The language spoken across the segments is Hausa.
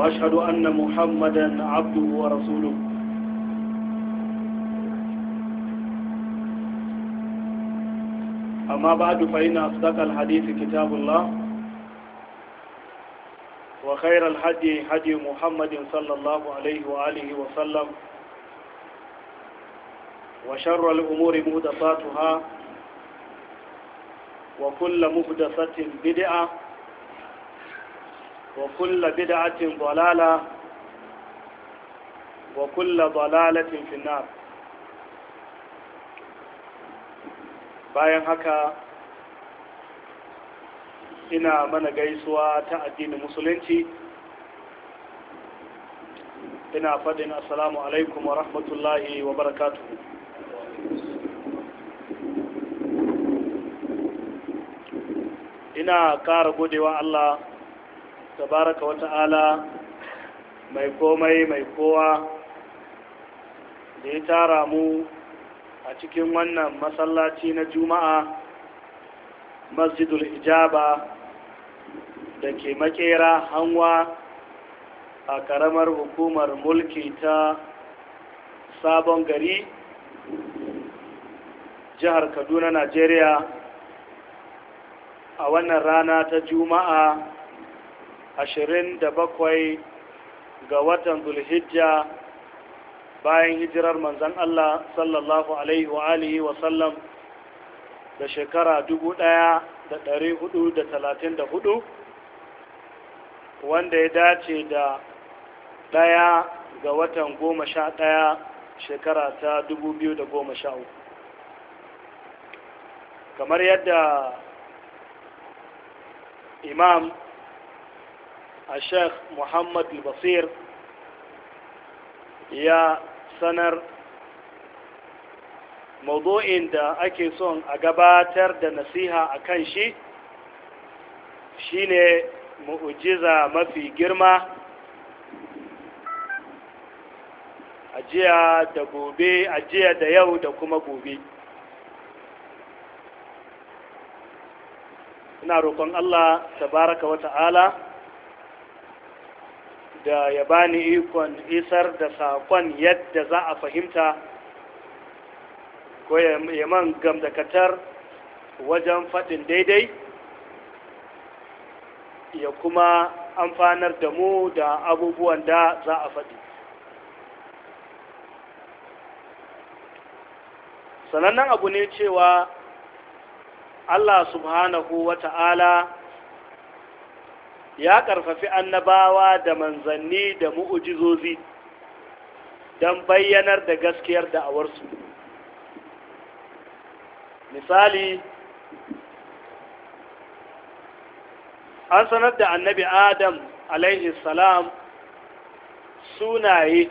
وأشهد أن محمدا عبده ورسوله أما بعد فإن أصدق الحديث كتاب الله وخير الهدي هدي محمد صلى الله عليه وآله وسلم وشر الأمور مهدساتها وكل مهدسة بدعة وكل بدعة ضلالة وكل ضلالة في النار bayan haka ina mana gaisuwa ta addinin musulunci ina faɗin assalamu alaikum wa rahmatullahi wa barakatu. ina ƙara godewa Allah tabaraka wa ta'ala mai komai mai kowa da ya tara mu a cikin wannan masallaci na juma'a masjidul ijaba da ke makera hanwa a karamar hukumar mulki ta sabon gari jihar kaduna najeriya a wannan rana ta juma'a ashirin da bakwai ga watan zulhijja bayan hijirar manzan Allah sallallahu alaihi wa alihi wa sallam da shekara hudu, wanda ya dace da ɗaya ga watan goma sha ɗaya shekara ta goma sha uku. kamar yadda imam a sheikh muhammad basir ya sanar maudu'in da ake son a gabatar da nasiha a kan shi shine mu'ujiza mafi girma ajiya da gobe ajiya da yau da kuma gobe ina rokon Allah tabaraka wa ta'ala da ya bani ikon isar da sakon yadda za a fahimta ko ya man gamdakatar wajen faɗin daidai ya kuma amfanar da mu da abubuwan da za a faɗi sanannen abu ne cewa Allah subhanahu wa ta'ala ya ƙarfafi annabawa da manzanni da mu'ujizozi don bayyanar da gaskiyar da'awarsu misali an sanar da annabi adam alaihi salam sunaye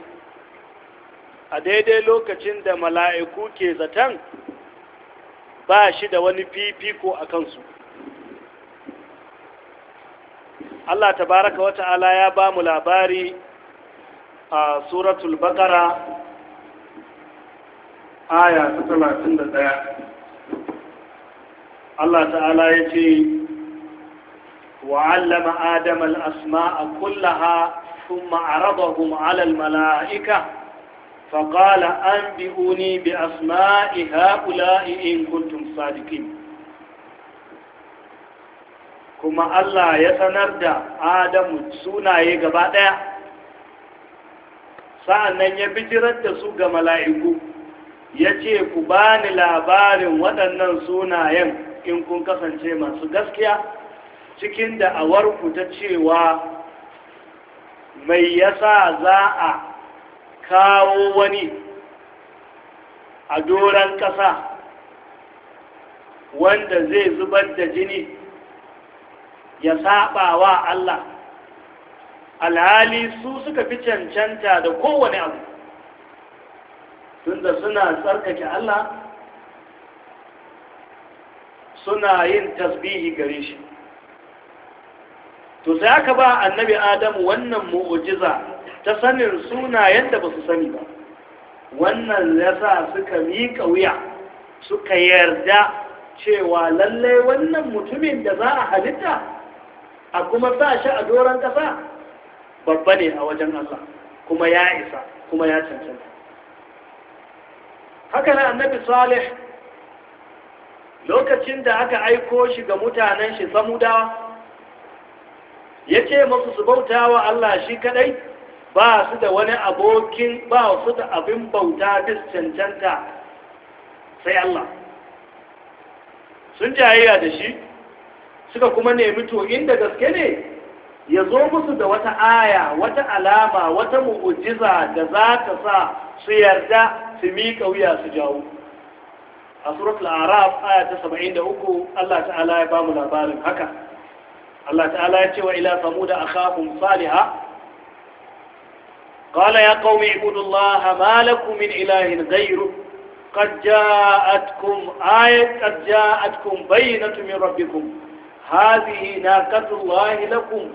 a daidai lokacin da mala'iku ke zaton ba shi da wani fifiko a kansu Allah tabaraka wa ta'ala ya ba mu labari a suratul baqara aya ta Allah ta'ala ya ce wa'allama Adam al'asma'a kullaha sun ma'arabahun alal mala'ika faƙala an bi'uni bi asma'i ha'ula'i in kuntum sadiqin kuma Allah ya sanar da Adamu sunaye gaba ɗaya sa'annan ya jirar da su ga mala'iku ya ce ku bani labarin waɗannan sunayen in kun kasance masu gaskiya cikin da da'awarku ta cewa mai ya sa za a kawo wani a doron ƙasa wanda zai zubar da jini ya saba wa Allah alhali su suka fi cancanta da kowane abu tunda suna tsarkake Allah suna yin tasbihi gare shi to sai aka ba annabi adamu wannan mu'ujiza ta sanin sunayen da ba su sani ba wannan yasa suka miƙa wuya suka yarda cewa lallai wannan mutumin da za a halitta a kuma sa shi a doron ƙasa babba ne a wajen Allah kuma ya isa kuma ya cancanta haka na annabi salih lokacin da aka aiko shi ga mutanen shi samuda ya ce masu su bauta wa Allah shi kadai ba su da wani abokin ba su da abin bauta bis cancanta sai Allah sun jayayya da shi suka kuma nemi to inda gaske ne ya zo musu da wata aya wata alama wata mu'ujiza da za ta sa su yarda su miƙa wuya su jawo a suratul araf aya ta 73 Allah ta'ala ya bamu labarin haka Allah ta'ala ya ce wa ila samuda akhahum salihah قال يا قوم اعبدوا الله ما لكم من إله غيره قد جاءتكم آية قد جاءتكم بينة من ربكم هذه ناقة الله لكم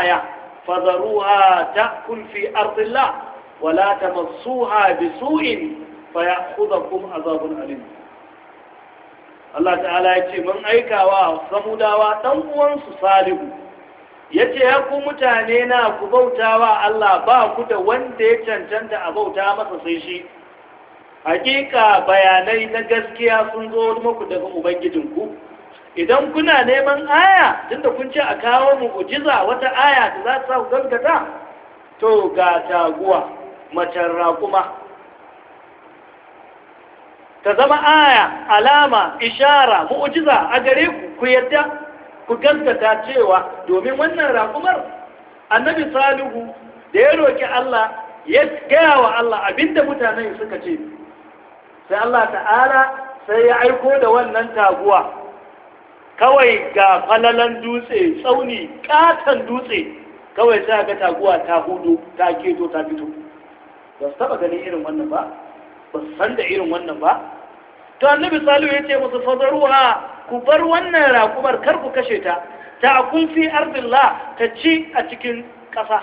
آية فذروها تأكل في أرض الله ولا تمصوها بسوء فيأخذكم عذاب أليم Allah ta'ala ya ce mun aikawa samudawa dan uwansu salihu ya ce ku mutane na ku bautawa Allah ba ku da wanda ya cancanta a bauta masa sai shi hakika bayanai na gaskiya sun zo muku daga ubangijinku idan kuna neman aya tunda kun ce a kawo mu'jiza wata aya da za ta sa to ga taguwa macen raƙuma ta zama aya alama ishara mu'jiza a gare ku ku yadda ku gangata cewa domin wannan raƙumar annabi salihu da ya roki Allah ya gaya wa Allah abinda mutanen suka ce sai Allah ta'ala sai ya aiko da wannan taguwa kawai ga falalan dutse tsauni katon dutse kawai sai ga taguwa ta hudu ta keto ta fito ba su taba ganin irin wannan ba ba su san da irin wannan ba to annabi salu ya ce musu fazaruwa ku bar wannan raƙumar kar ku kashe ta ta kun fi ardillah ta ci a cikin ƙasa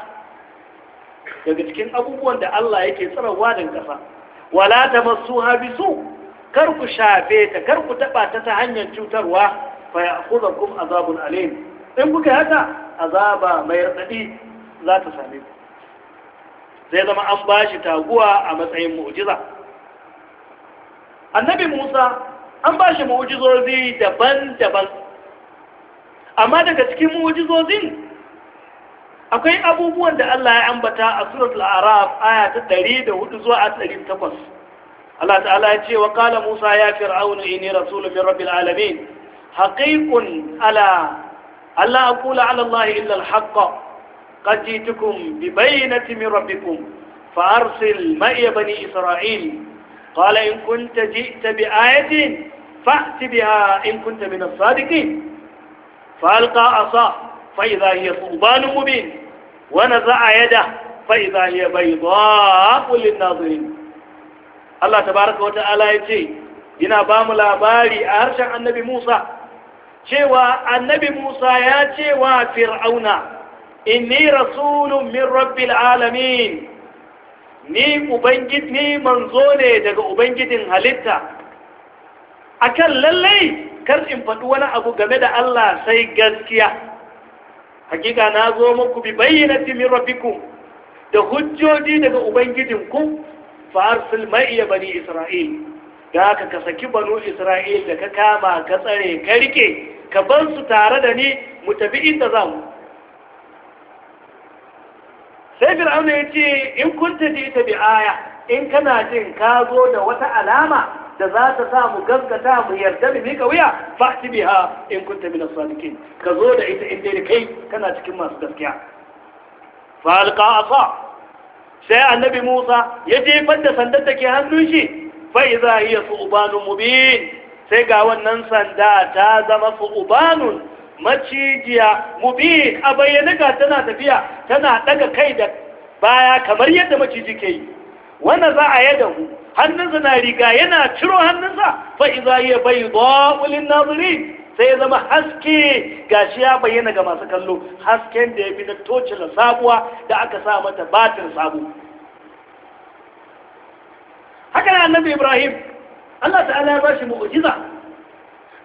daga cikin abubuwan da Allah yake tsarawa da ƙasa wala ta masu habisu kar ku shafe ta kar ku taba ta ta hanyar cutarwa fa azabun alim in kuka haka azaba mai radadi za ta same ku zai zama an bashi taguwa a matsayin mu'jiza annabi Musa an bashi mu'jizozi daban-daban amma daga cikin mu'jizozin akwai abubuwan da Allah ya ambata a suratul araf aya ta 104 zuwa 108 Allah ta'ala ya ce wa Musa ya fir'auna inni rasulun min rabbil alamin Haƙiƙun ala alla aqula ala Allah illa al-haqq qad jitukum bi bayyinati min rabbikum fa arsil ma'i bani isra'il qala in kunta ji'ta bi ayatin fa'ti biha in kunta min as-sadiqin فألقى عصاه فإذا هي ثعبان مبين ونزع يده فإذا هي بيضاء للناظرين الله تبارك وتعالى يجي ina ba mu labari a harshen annabi Musa cewa annabi Musa ya ce wa fir'auna inni rasulun min rabbil alamin ni ubangiji ni manzo ne daga ubangijin halitta akan lallai kar in faɗi wani abu game da Allah sai gaskiya hakika na zo muku bi bayyinati min rabbikum da hujjoji daga ku, fa arsil ma'iya bani isra'il da haka ka saki banu isra'il da ka kama ka tsare ka rike ka ban su tare da ni mu tafi inda za mu sai fir'auna ya ce in kunta ji ita bi aya in kana jin ka zo da wata alama da za ta sa mu gaskata mu yarda mu mika wuya fa'ti biha in kunta min as-sadiqin ka zo da ita in dai kai kana cikin masu gaskiya fa alqa asa sai annabi Musa ya jefar da sandar da ke hannun shi fa idza hiya subanun mubin sai ga wannan sanda ta zama fu'ubanun macijiya mubi a bayyana ga tana tafiya tana daga kai da baya kamar yadda maciji ke yi wanda za a yada hu hannunsa na riga yana ciro hannunsa fa iza ya bai ulin naziri sai ya zama haske ga shi ya bayyana ga masu kallo hasken da ya fi na tocila sabuwa da aka sa mata batir sabu haka annabi ibrahim Allah ta'ala ya bashi mu'jiza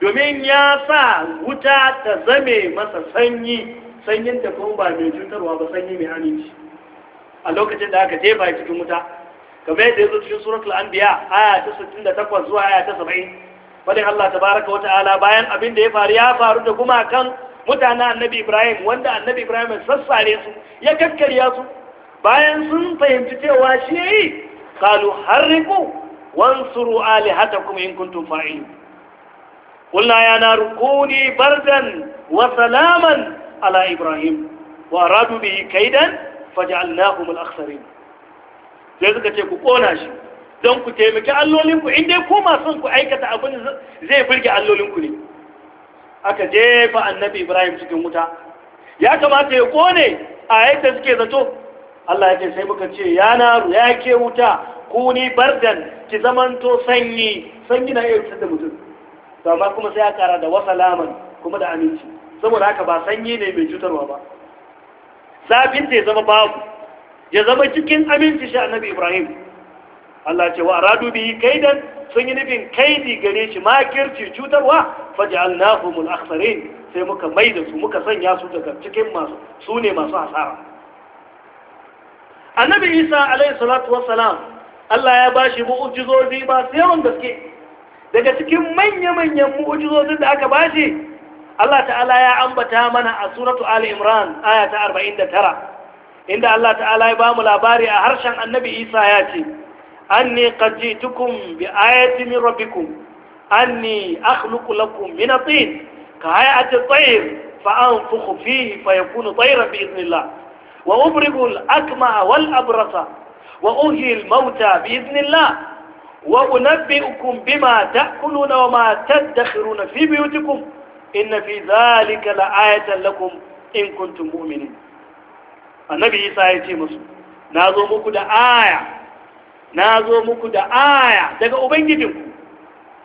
domin ya sa wuta ta zame masa sanyi sanyin da kuma ba mai cutarwa ba sanyi mai aminci a lokacin da aka jefa ya cikin wuta kamar yadda ya zo cikin suratul anbiya aya ta 68 zuwa aya ta 70 Wani Allah ta baraka wa ta'ala bayan abin da ya faru ya faru da kuma kan mutanen annabi Ibrahim wanda annabi Ibrahim ya sassare su ya kakkarya su bayan sun fahimci cewa shi ya kalu har riku wansuru alihatakum in kuntum fa'ilin قلنا يا نار كوني بردا وسلاما على إبراهيم وأرادوا kaidan كيدا فجعلناهم الأخسرين sai suka ce ku kona shi don ku taimaki allolinku inda ku son ku aikata abin zai allolin allolinku ne aka jefa annabi ibrahim cikin wuta ya kamata ya kone a yadda suke zato Allah ya ce sai muka ce ya naru ya ke wuta kuni bardan ki zamanto sanyi sanyi na iya da mutum to amma kuma sai a kara da wasalaman kuma da aminci saboda haka ba sanyi ne mai cutarwa ba zafin da ya zama babu ya zama cikin aminci shi annabi ibrahim Allah ce wa aradu bihi kaidan sun yi nufin kaidi gare shi makirci cutarwa faj'alnahu al-akhsarin sai muka mai da su muka sanya su daga cikin masu su ne masu hasara annabi isa alaihi salatu wassalam Allah ya ba shi mu'ujizozi masu yawan gaske daga cikin manya-manyan mu'ujizozin da aka ba shi Allah ta'ala ya ambata mana a suratu Ali Imran aya ta 49 inda Allah ta'ala ya ba mu labari a harshen annabi Isa ya ce anni qad jitukum bi ayati min rabbikum anni akhluqu lakum min tin ka hay'ati at-tayr fa anfukhu fihi fayakunu tayran bi idhnillah wa ubrigu al-akma wal abrasa وأحيي الموتى بإذن الله وأنبئكم بما تأكلون وما تدخرون في بيوتكم إن في ذلك لآية لكم إن كنتم مؤمنين النبي عيسى يتي مسلم نازو مكو دا آية نازو مكو دا آية daga ubangijinku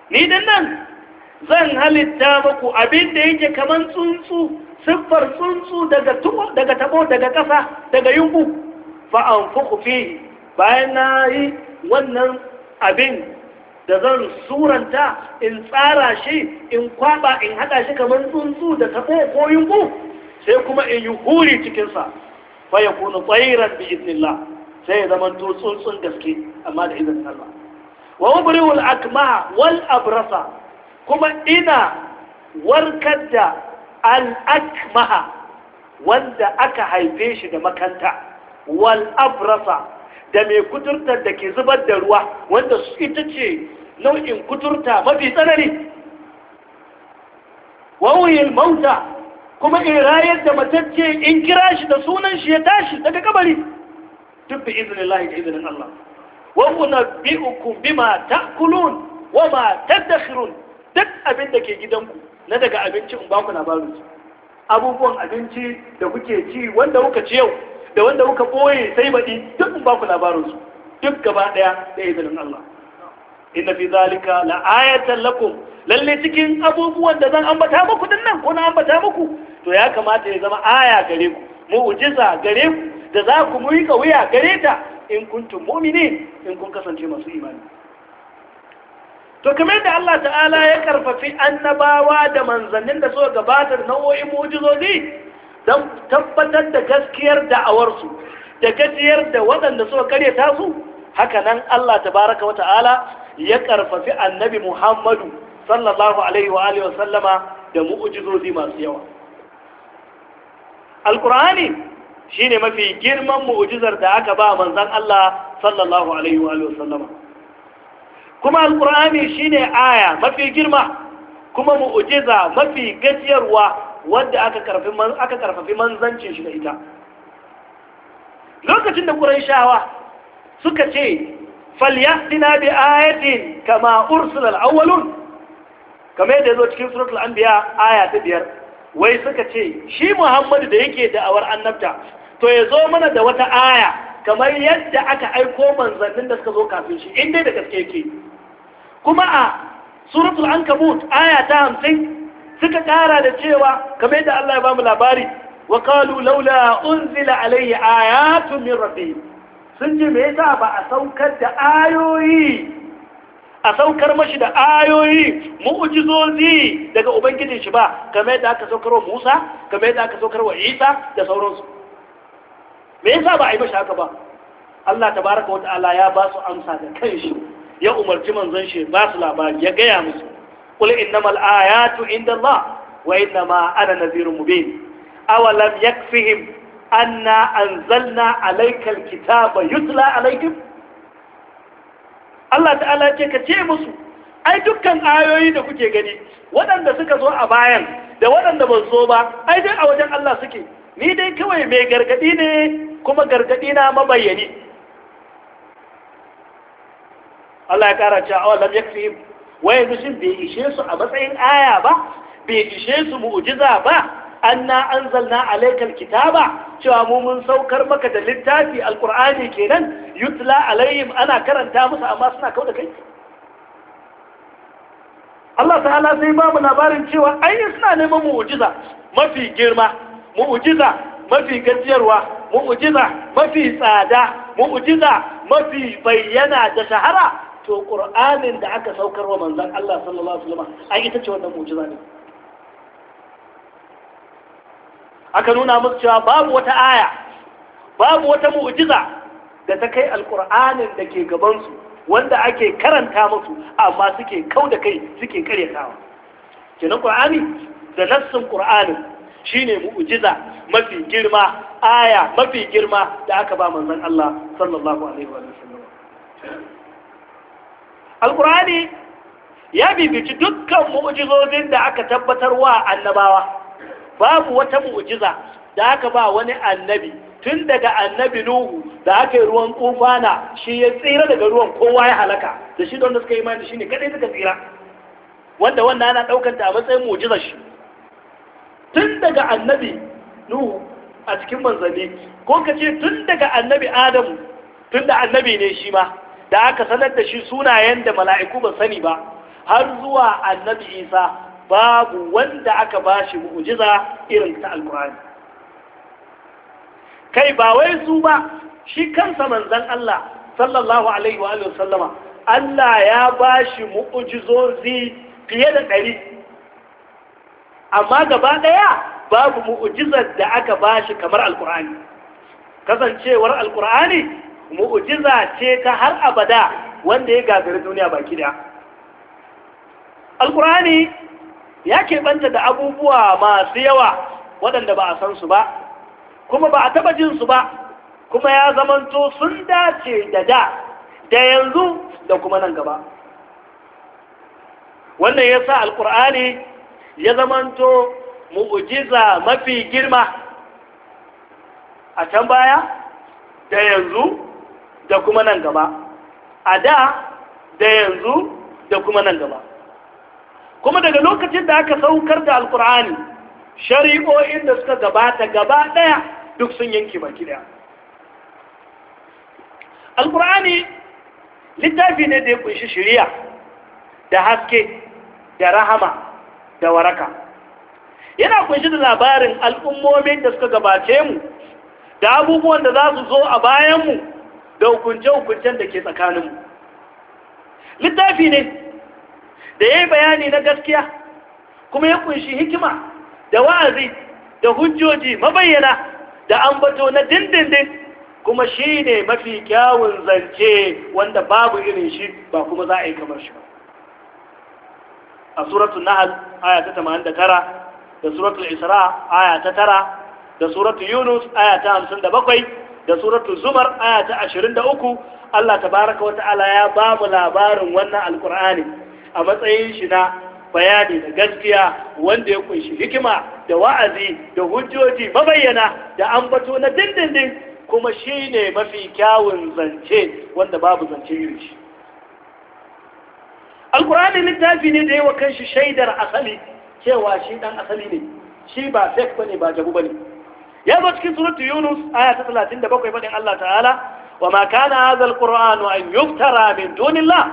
ni dan nan zan halitta muku abin da yake kaman tsuntsu siffar tsuntsu daga tuko daga tabo daga kasa daga yunku fa anfuqu fihi bayan na yi wannan abin da zan suranta in tsara shi in kwaba in haɗa shi kamar tsuntsu da taɓo ko yunku sai kuma in yi huri cikinsa fa ya kuna tsairan bi iznillah sai ya zama tsuntsun gaske amma da izinin Allah wa ubriul akmaha wal abrasa kuma ina warkar da al wanda aka haife shi da makanta wal abrasa da mai kuturtar da ke zubar da ruwa wanda su ita ce nau'in kuturta mafi tsanani wawuyin mauta kuma in rayar da matacce in kira shi da sunan shi ya tashi daga kabari duk bi izinin Allah da izinin Allah wawuna ma ta kulun, wa ma tadakhirun duk abin da ke gidanku na daga abinci in ba ku labarin abubuwan abinci da kuke ci wanda kuka ci yau da wanda muka ɓoye sai baɗi duk ba ku labarinsu duk gaba ɗaya da izinin Allah inna fi zalika la ayatan lakum lalle cikin abubuwan da zan ambata muku din nan ko na ambata muku to ya kamata ya zama aya gare ku mu'jiza gare ku da za ku muyi wuya gare ta in kuntum mu'mini in kun kasance masu imani to kamar da Allah ta'ala ya karfafi annabawa da manzannin da suka gabatar nau'o'in mu'jizozi don tabbatar da gaskiyar da'awarsu da gajiyar da waɗanda suka ta su haka nan Allah tabaraka wa ta'ala ya karfafi annabi Muhammadu sallallahu alaihi wa alihi wa sallama da mu'ujizozi masu yawa alkur'ani shine mafi girman mu'ujizar da aka ba manzon Allah sallallahu alaihi wa alihi wa sallama kuma alkur'ani shine aya mafi girma kuma mu'ujiza mafi gajiyarwa wadda aka karfafi manzanci manzancin shi da ita lokacin da shawa suka ce falyatina bi ayatin kama ursila al-awwalun kamar yadda zo cikin suratul anbiya aya ta biyar wai suka ce shi muhammadu da yake da'awar annabta to ya zo mana da wata aya kamar yadda aka aiko manzannin da suka zo kafin shi inda da gaske yake kuma a suratul ankabut aya ta hamsin suka ƙara da cewa kamar da Allah ya ba mu labari wa qalu laula unzila alayhi ayatun min rabbi sun ji me yasa ba a saukar da ayoyi a saukar mashi da ayoyi mu'jizozi daga ubangijin shi ba kamar da aka saukar wa Musa kamar da aka saukar wa Isa da sauransu me yasa ba a yi mashi haka ba Allah tabaraka wa ta'ala ya ba su amsa da kanshi ya umarci manzon shi ba su labari ya gaya musu qul innamal ayatu indallah wa innama ana nadhirun mubin awalam yakfihim anna anzalna alayka alkitaba yutla alaykum Allah ta'ala ce ka ce musu ai dukkan ayoyi da kuke gani waɗanda suka zo a bayan da waɗanda ba zo ba ai dai a wajen Allah suke ni dai kawai mai gargadi ne kuma gargadi na mabayyani Allah ya ƙara cewa awa awalam yakfihim wai mushin bai ishe su a matsayin aya ba bai ishe su mu'jiza ba anna anzalna alaykal kitaba cewa mu mun saukar maka da littafi alqur'ani kenan yutla alaihim ana karanta musu amma suna kauda kai Allah ta'ala sai ba mu labarin cewa ai suna neman mu'jiza mafi girma mu'jiza mafi gajiyarwa mu'jiza mafi tsada mu'jiza mafi bayyana da shahara to ƙur'anin da aka saukar wa manzan Allah sallallahu alaihi wasallam ai ita ce wannan mu'jiza ne aka nuna musu cewa babu wata aya babu wata mu'jiza da ta kai alƙur'anin da ke gabansu wanda ake karanta musu amma suke kau da kai suke karyatawa kenan ƙur'ani da nassin ƙur'anin shine mu'jiza mafi girma aya mafi girma da aka ba manzan Allah sallallahu alaihi wasallam alkurani ya bibici dukkan mu'jizozin da aka tabbatar wa annabawa babu wata mu'ujiza da aka ba wani annabi tun daga annabi nuhu da aka yi ruwan tufana shi ya tsira daga ruwan kowa ya halaka da shi don da suka yi mani shi ne kadai suka tsira wanda wanda ana daukar ta a matsayin mu'ujizar shi tun daga annabi nuhu a cikin manzanni ko ka ce tun daga annabi adamu tun da annabi ne shi ma da aka sanar da shi sunayen da mala'iku ba sani ba har zuwa annabi isa babu wanda aka ba shi mu'ujiza irin ta alkur'ani kai ba wai su ba shi kansa manzan Allah sallallahu alaihi wa sallama Allah ya ba shi mu'ujizozi fiye da ɗari amma gaba ɗaya babu mu'ujizar da aka ba shi kamar alkur'ani kasancewar alkur'ani mu'jiza ce ta har abada wanda ya gagari duniya baki da alkur'ani ya keɓanta da abubuwa masu yawa waɗanda ba a san su ba kuma ba a taɓa jin su ba kuma ya zamanto sun dace da da da yanzu da kuma nan gaba wannan ya sa alkur'ani ya zamanto mu'jiza mafi girma a can baya da yanzu da kuma nan gaba a da da yanzu da kuma nan gaba kuma daga lokacin da aka saukar da alkur'ani shari'o'in da suka gabata gaba ɗaya duk sun yanke baki ɗaya alkur'ani littafi ne da ya kunshi shirya da haske da rahama da waraka yana kunshi da labarin al'ummomin da suka gabace mu da abubuwan da za su zo a bayan mu. da hukunce-hukuncen da ke tsakaninmu littafi ne da ya yi bayani na gaskiya kuma ya kunshi hikima da wa'azi da hujjoji mabayyana da ambato na dindindin kuma shi ne mafi kyawun zance wanda babu irin shi ba kuma za a yi kamar shi ba a suratun nahal aya ta 89 da suratun isra aya ta 9 da suratun yunus aya ta 57 da suratu zumar aya ta da 23 Allah tabaraka wa ta'ala ya ba mu labarin wannan alkur'ani a matsayin shi na bayani da gaskiya wanda ya kunshi hikima da wa'azi da hujjoji mabayyana da ambato na dindindin kuma shi ne mafi kyawun zance wanda babu zance yin shi alkur'ani littafi ne da yawa kanshi shaidar asali cewa shi dan asali ne shi ba fake bane ba jabu bane ya zo cikin suratu yunus aya ta bakwai fadin Allah ta'ala wa ma kana hadha alqur'anu an yuftara min dunillah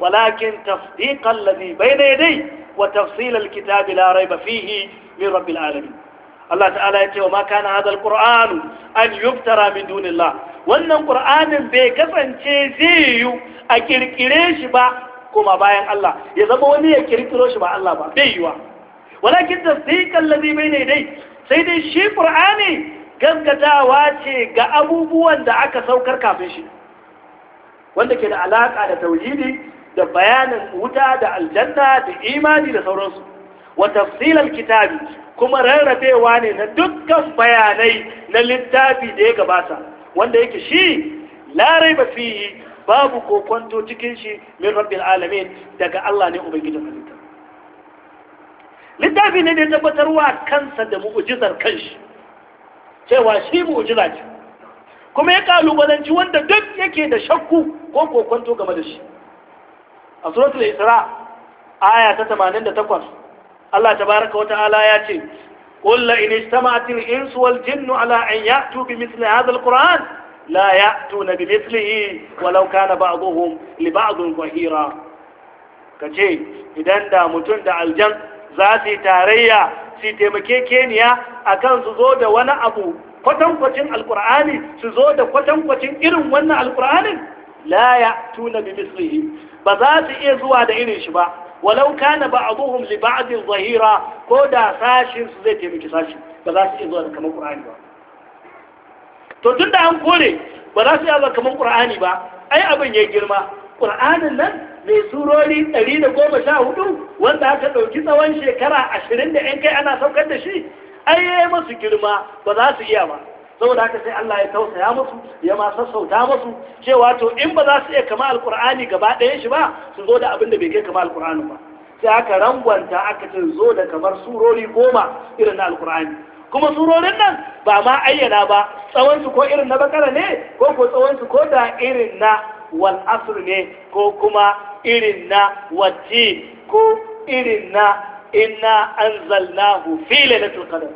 walakin tasdiqan alladhi bayna yadayhi wa tafsil alkitab la rayba fihi min rabbil alamin Allah ta'ala ya ce wa ma kana hadha alqur'anu an yuftara min dunillah wannan qur'anin bai kasance zai yi a kirkire shi ba Kuma bayan Allah ya zama wani ya kirkiro shi ba Allah ba bai yiwa walakin tasdiqan ladhi bayna yadayhi sai dai shi ƙur'ani gaskatawa ce ga abubuwan da aka saukar kafin shi wanda ke da alaƙa da tauhidi da bayanin wuta da aljanna da imani da sauransu wa tafsilal kitabi kuma rarrafewa ne na dukkan bayanai na littafi da ya gabata wanda yake shi larai ba fihi babu kokwanto cikin shi min rabbil alamin daga Allah ne ubangijin halitta littafi ne da ya tabbatarwa kansa da mu'ujizar kanshi cewa shi mu'ujiza ce kuma ya kalubalanci wanda duk yake da shakku ko kokonto game da shi a suratul isra aya ta 88 Allah Ta baraka wata ala ya ce قل إن اجتمعت الإنس والجن على أن يأتوا بمثل هذا القرآن لا يأتون بمثله ولو كان بعضهم لبعض ظهيرا كجي إذا دا متن دا الجن za su yi tarayya su taimake keniya a kan su zo da wani abu kwatankwacin alkur'ani su zo da kwatankwacin irin wannan alkur'anin la ya tuna bi mislihi ba za su iya zuwa da irin shi ba walau kana ba'dhum li ba'din zahira ko da sashin su zai taimaki sashin? ba za su iya zuwa da kamar qur'ani ba to tunda an kore ba za su iya zuwa kamar qur'ani ba ai abin ya girma qur'anin nan mai surori 114 wanda aka ɗauki tsawon shekara 20 da ‘yan kai ana saukar da shi ai ya yi masu girma ba za su iya ba saboda haka sai Allah ya tausaya masu, ya ma sassauta masu cewa to in ba za su iya kama alkur'ani gaba ɗaya shi ba su zo da abin da bai kai kama alkur'ani ba sai aka rangwanta aka ce zo da kamar surori goma irin na alkur'ani kuma surorin nan ba ma ayyana ba tsawon su ko irin na bakara ne ko ko tsawon su ko da irin na wal asr ne ko kuma irin na wati ko irin na inna anzalnahu fi lailatul qadr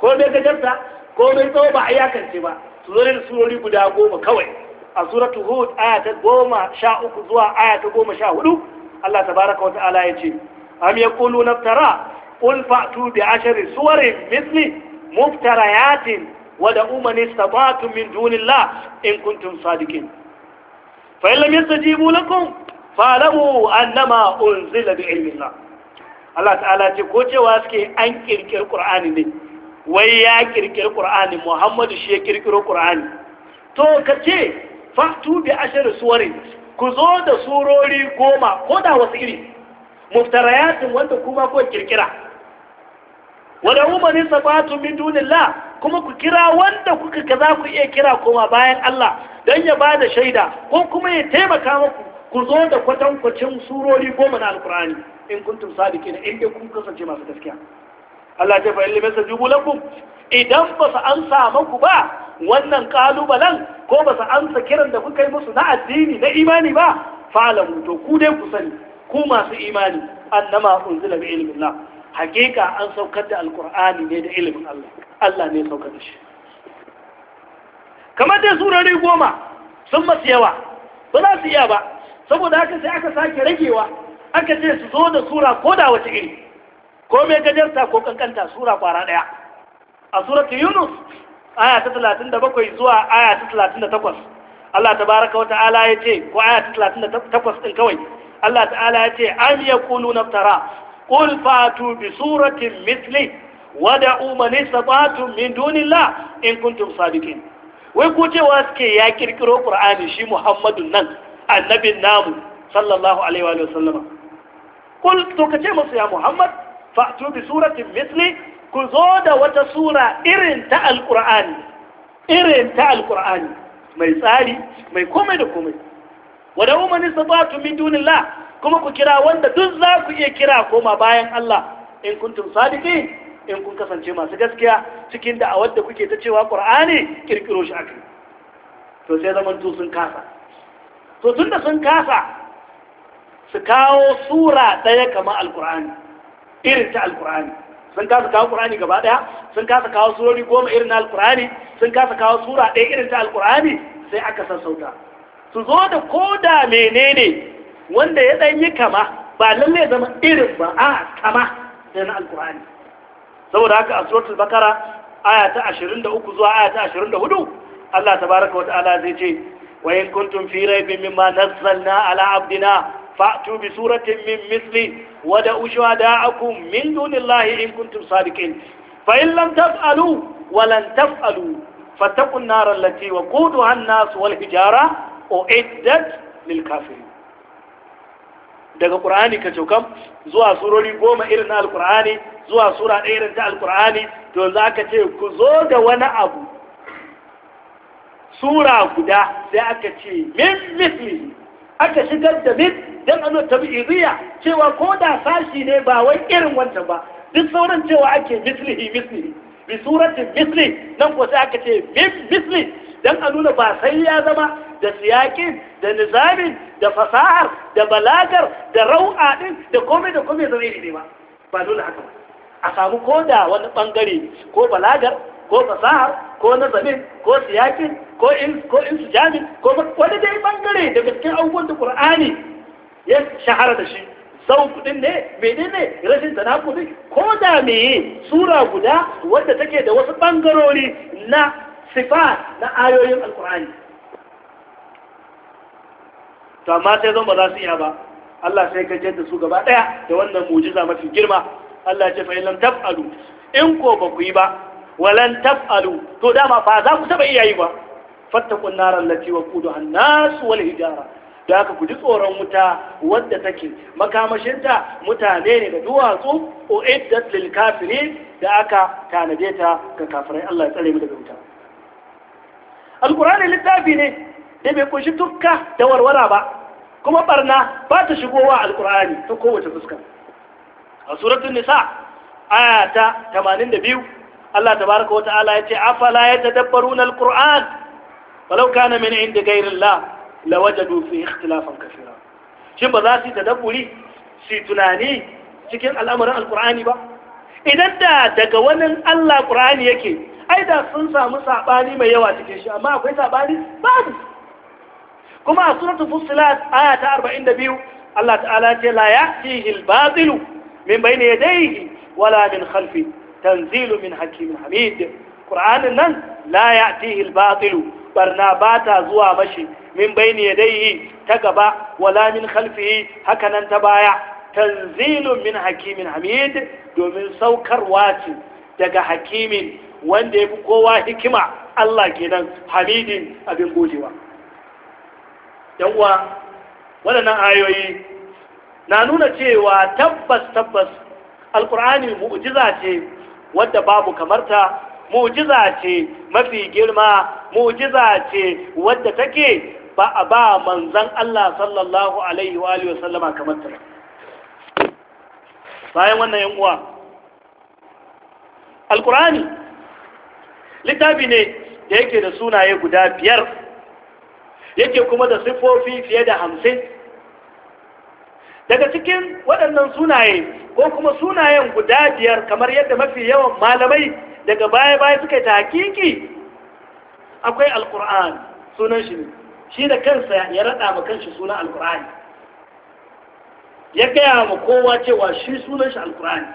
ko ga gajarta ko bai tsawo ba iyakance ba surorin surori guda goma kawai a suratu hud aya ta goma sha uku zuwa aya ta goma sha hudu Allah tabaraka wa ta'ala ya ce am yaquluna naftara qul fa'tu bi ashri suwarin mithli muftariyatin wa da'u man istata'tum min dunillah in kuntum sadiqin فإن لم يستجيبوا an nama أنما أنزل بعلم الله Allah ta'ala ce ko cewa suke an kirkiri ƙur'ani ne wai ya kirkiri ƙur'ani Muhammadu shi ya kirkiro Qur'ani to ka ce fatu bi ashar ku zo da surori goma ko da wasu iri muftarayatin wanda kuma ko kirkira wada umani sabatu min dunillah kuma ku kira wanda kuka za ku iya kira koma bayan Allah don ya ba da shaida ko kuma ya taimaka muku ku zo da kwatankwacin surori goma na alkur'ani in kuntum sadiki na inda kun kasance masu gaskiya Allah ta fa'in limasa jubu idan ba su amsa maku ba wannan kalubalen ko ba su amsa kiran da kuka yi musu na addini na imani ba fa'alamu to ku dai ku sani ku masu imani annama unzila bi ilmin Allah hakika an saukar da alkur'ani ne da ilimin Allah Allah ne saukar da shi kamar da surori goma sun masu yawa ba za su iya ba saboda haka sai aka sake ragewa aka ce su zo da sura ko da wace iri ko mai gajarta ko kankanta sura kwara daya a suratul yunus aya ta bakwai zuwa aya ta takwas Allah baraka wa ta'ala ya ce ko aya ta takwas ɗin kawai Allah ta'ala ya ce an am yaquluna tara qul fatu bi suratin mithli wada'u man istata'tum min dunillah in kuntun sadiqin wai ko suke ya kirkiro qur'ani shi muhammadun nan annabin namu sallallahu alaihi wa sallama kul to ce musu ya muhammad fa'tu bi suratin misli ku zo da wata sura irin ta alqur'ani irin ta alqur'ani mai tsari mai komai da komai wa da umman istatu min dunillah kuma ku kira wanda duk za ku iya kira koma bayan Allah in kuntum sadiqin in kun kasance masu gaskiya cikin da'awar da kuke ta cewa ƙur'ani ƙirƙiro shi aka to sai zaman to sun kasa to tun da sun kasa su kawo sura ɗaya kama alƙur'ani irin ta alƙur'ani sun kasa kawo ƙur'ani gaba ɗaya sun kasa kawo surori goma irin na alƙur'ani sun kasa kawo sura ɗaya irin ta alƙur'ani sai aka sassauta su zo da ko koda menene wanda ya ɗanyi yi kama ba lallai zama irin ba a kama da na alƙur'ani saboda haka a suratul bakara aya ta 23 zuwa aya ta 24 Allah tabaraka wata'ala zai ce wa in kuntum fi raibin mimma nazzalna ala abdina fa'tu bi suratin min misli wa da shuhada'akum min dunillahi in kuntum sadiqin fa in lam taf'alu wa lan taf'alu fattaqun nar allati waquduha an-nas wal hijara u'iddat lil kafirin daga ƙur'ani ka cokam zuwa surori goma irin na alƙur'ani zuwa sura ɗaya irin ta alƙur'ani to za ka ce ku zo da wani abu sura guda sai aka ce min misli aka shigar da min don ano tabi'iriya cewa ko da sashi ne ba wai irin wancan ba duk sauran cewa ake mislihi mislihi bi suratin misli nan ko sai aka ce min misli dan a nuna ba sai ya zama da siyakin da nizamin da fasahar da balagar da rau'a din da komai da komai zama ne ba ba dole haka ba a samu ko da wani bangare ko balagar ko fasahar ko nazamin ko siyakin ko in ko in jami ko wani dai bangare daga cikin abubuwan da Qur'ani ya shahara da shi sau kudin ne menene rashin tanakuli ko da meye sura guda wadda take da wasu bangarori na sifat na ayoyin alkur'ani to amma sai zan ba za su iya ba Allah sai ka jadda su gaba daya da wannan mujiza mafi girma Allah ce fa in lam taf'alu in ko ba ku yi ba walan taf'alu to dama ba za ku taba iya yi ba fattaqun nar allati waquduha an-nas wal hijara da haka ku ji tsoron wuta wadda take makamashinta mutane ne da duwatsu o iddat lil kafirin da aka tanade ta ga kafirai Allah ya tsare mu daga wuta alkur'ani littafi ne da bai kunshi tukka da warwara ba kuma barna ba ta shigowa alkur'ani ta kowace fuska a suratul nisa aya ta 82 Allah tabaraka ala ya ce afala yatadabbaruna alkur'an walau kana mini inda ghayrillah lawajadu fi ikhtilafan kaseera shin ba za su yi tadabburi su tunani cikin al'amarin alkur'ani ba idan da daga wani Allah ƙur'ani yake Aida sun samu saɓani mai yawa cikin shi amma akwai saɓani babu kuma a suratul fussilat aya ta 42 Allah ta'ala ce la ya'tihi al-bazilu min bayni yadayhi wala min khalfi tanzilu min hakimin hamid qur'anin nan la ya'tihi al-bazilu barna bata zuwa mashi min bayni yadayhi ta gaba wala min khalfihi hakanan ta baya tanzilu min hakimin hamid domin saukarwa ce daga hakimin wanda ya fi kowa hikima Allah kenan hamidin abin gojewa yawwa waɗannan ayoyi na nuna cewa tabbas tabbas alkur'ani mu'jiza ce wadda babu kamarta mu'jiza ce mafi girma mu'jiza ce wadda take ba a ba manzan Allah sallallahu alaihi wa alihi wasallama kamarta bayan wannan yan uwa alkur'ani littafi ne da yake da sunaye guda biyar yake kuma da siffofi fiye da hamsin daga cikin waɗannan sunaye ko kuma sunayen guda biyar kamar yadda mafi yawan malamai daga baya-baya suka ta hakiki akwai alkur'an sunan shi ne shi da kansa ya raɗa ma kanshi sunan alkur'an ya gaya ma kowa cewa shi sunan shi alkur'an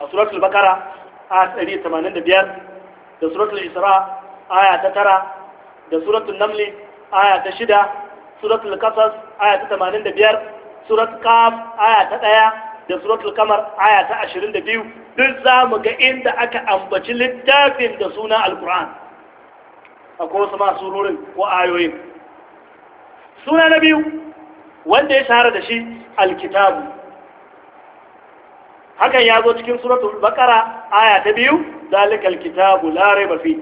a suratul bakara a 185 da suratul isra aya ta tara da suratul namli aya ta shida suratul kasas aya ta 85 suratul kaf aya ta ɗaya da suratul kamar aya ta 22 duk zamu ga inda aka ambaci littafin da suna alkur'an akwai wasu masu rurin ko ayoyin suna na biyu wanda ya shahara da shi alkitabu hakan ya zo cikin suratul baqara aya ta biyu zalikal kitabu la raiba fi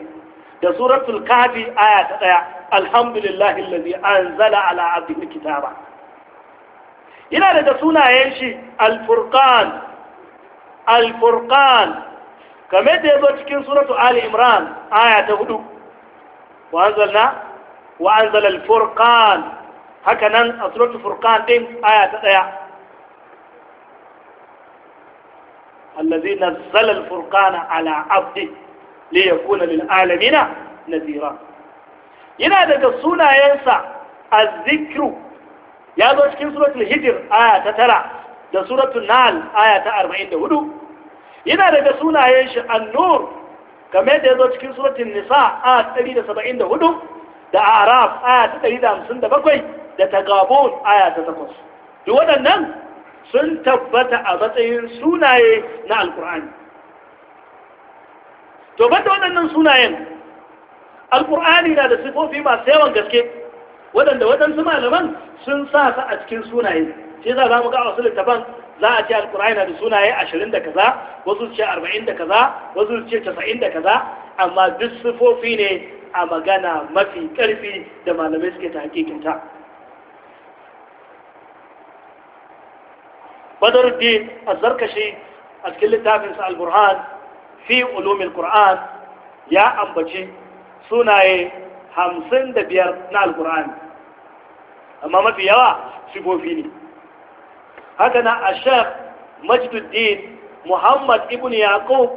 da suratul kafi aya ta daya alhamdulillahi allazi anzala ala abdihi kitaba ina da sunayen shi al-furqan al kamar da ya zo cikin suratul ali imran aya ta hudu wa anzalna wa anzala al haka nan a suratul furqan din aya ta daya allazi nazzala al-furqana ala abdi li yakuna lil alamin nazira yana daga sunayensa az-zikru ya zo cikin suratul hijir aya ta tara da suratul nahl aya ta 44 yana daga sunayen shi an-nur kamar da ya zo cikin nisa aya 174 da araf aya ta 157 da tagabun aya ta 8 duk waɗannan sun tabbata a matsayin sunaye na alkur'ani to banda waɗannan sunayen alkur'ani na da sifofi masu yawan gaske waɗanda waɗansu malaman sun sa su a cikin sunaye sai za mu ga wasu littafan za a ce alkur'ani na da sunaye ashirin da kaza wasu ce arba'in da kaza wasu ce casa'in da kaza amma duk sifofi ne a magana mafi ƙarfi da malamai suke ta hakikinta badaruddin azzarkashi a cikin littafinsa al-burhan fi ulumin qur'an ya ambaci sunaye hamsin da biyar na al-qur'ani amma mafi yawa sifofi ne haka na ashaf majduddin muhammad ibn yaqub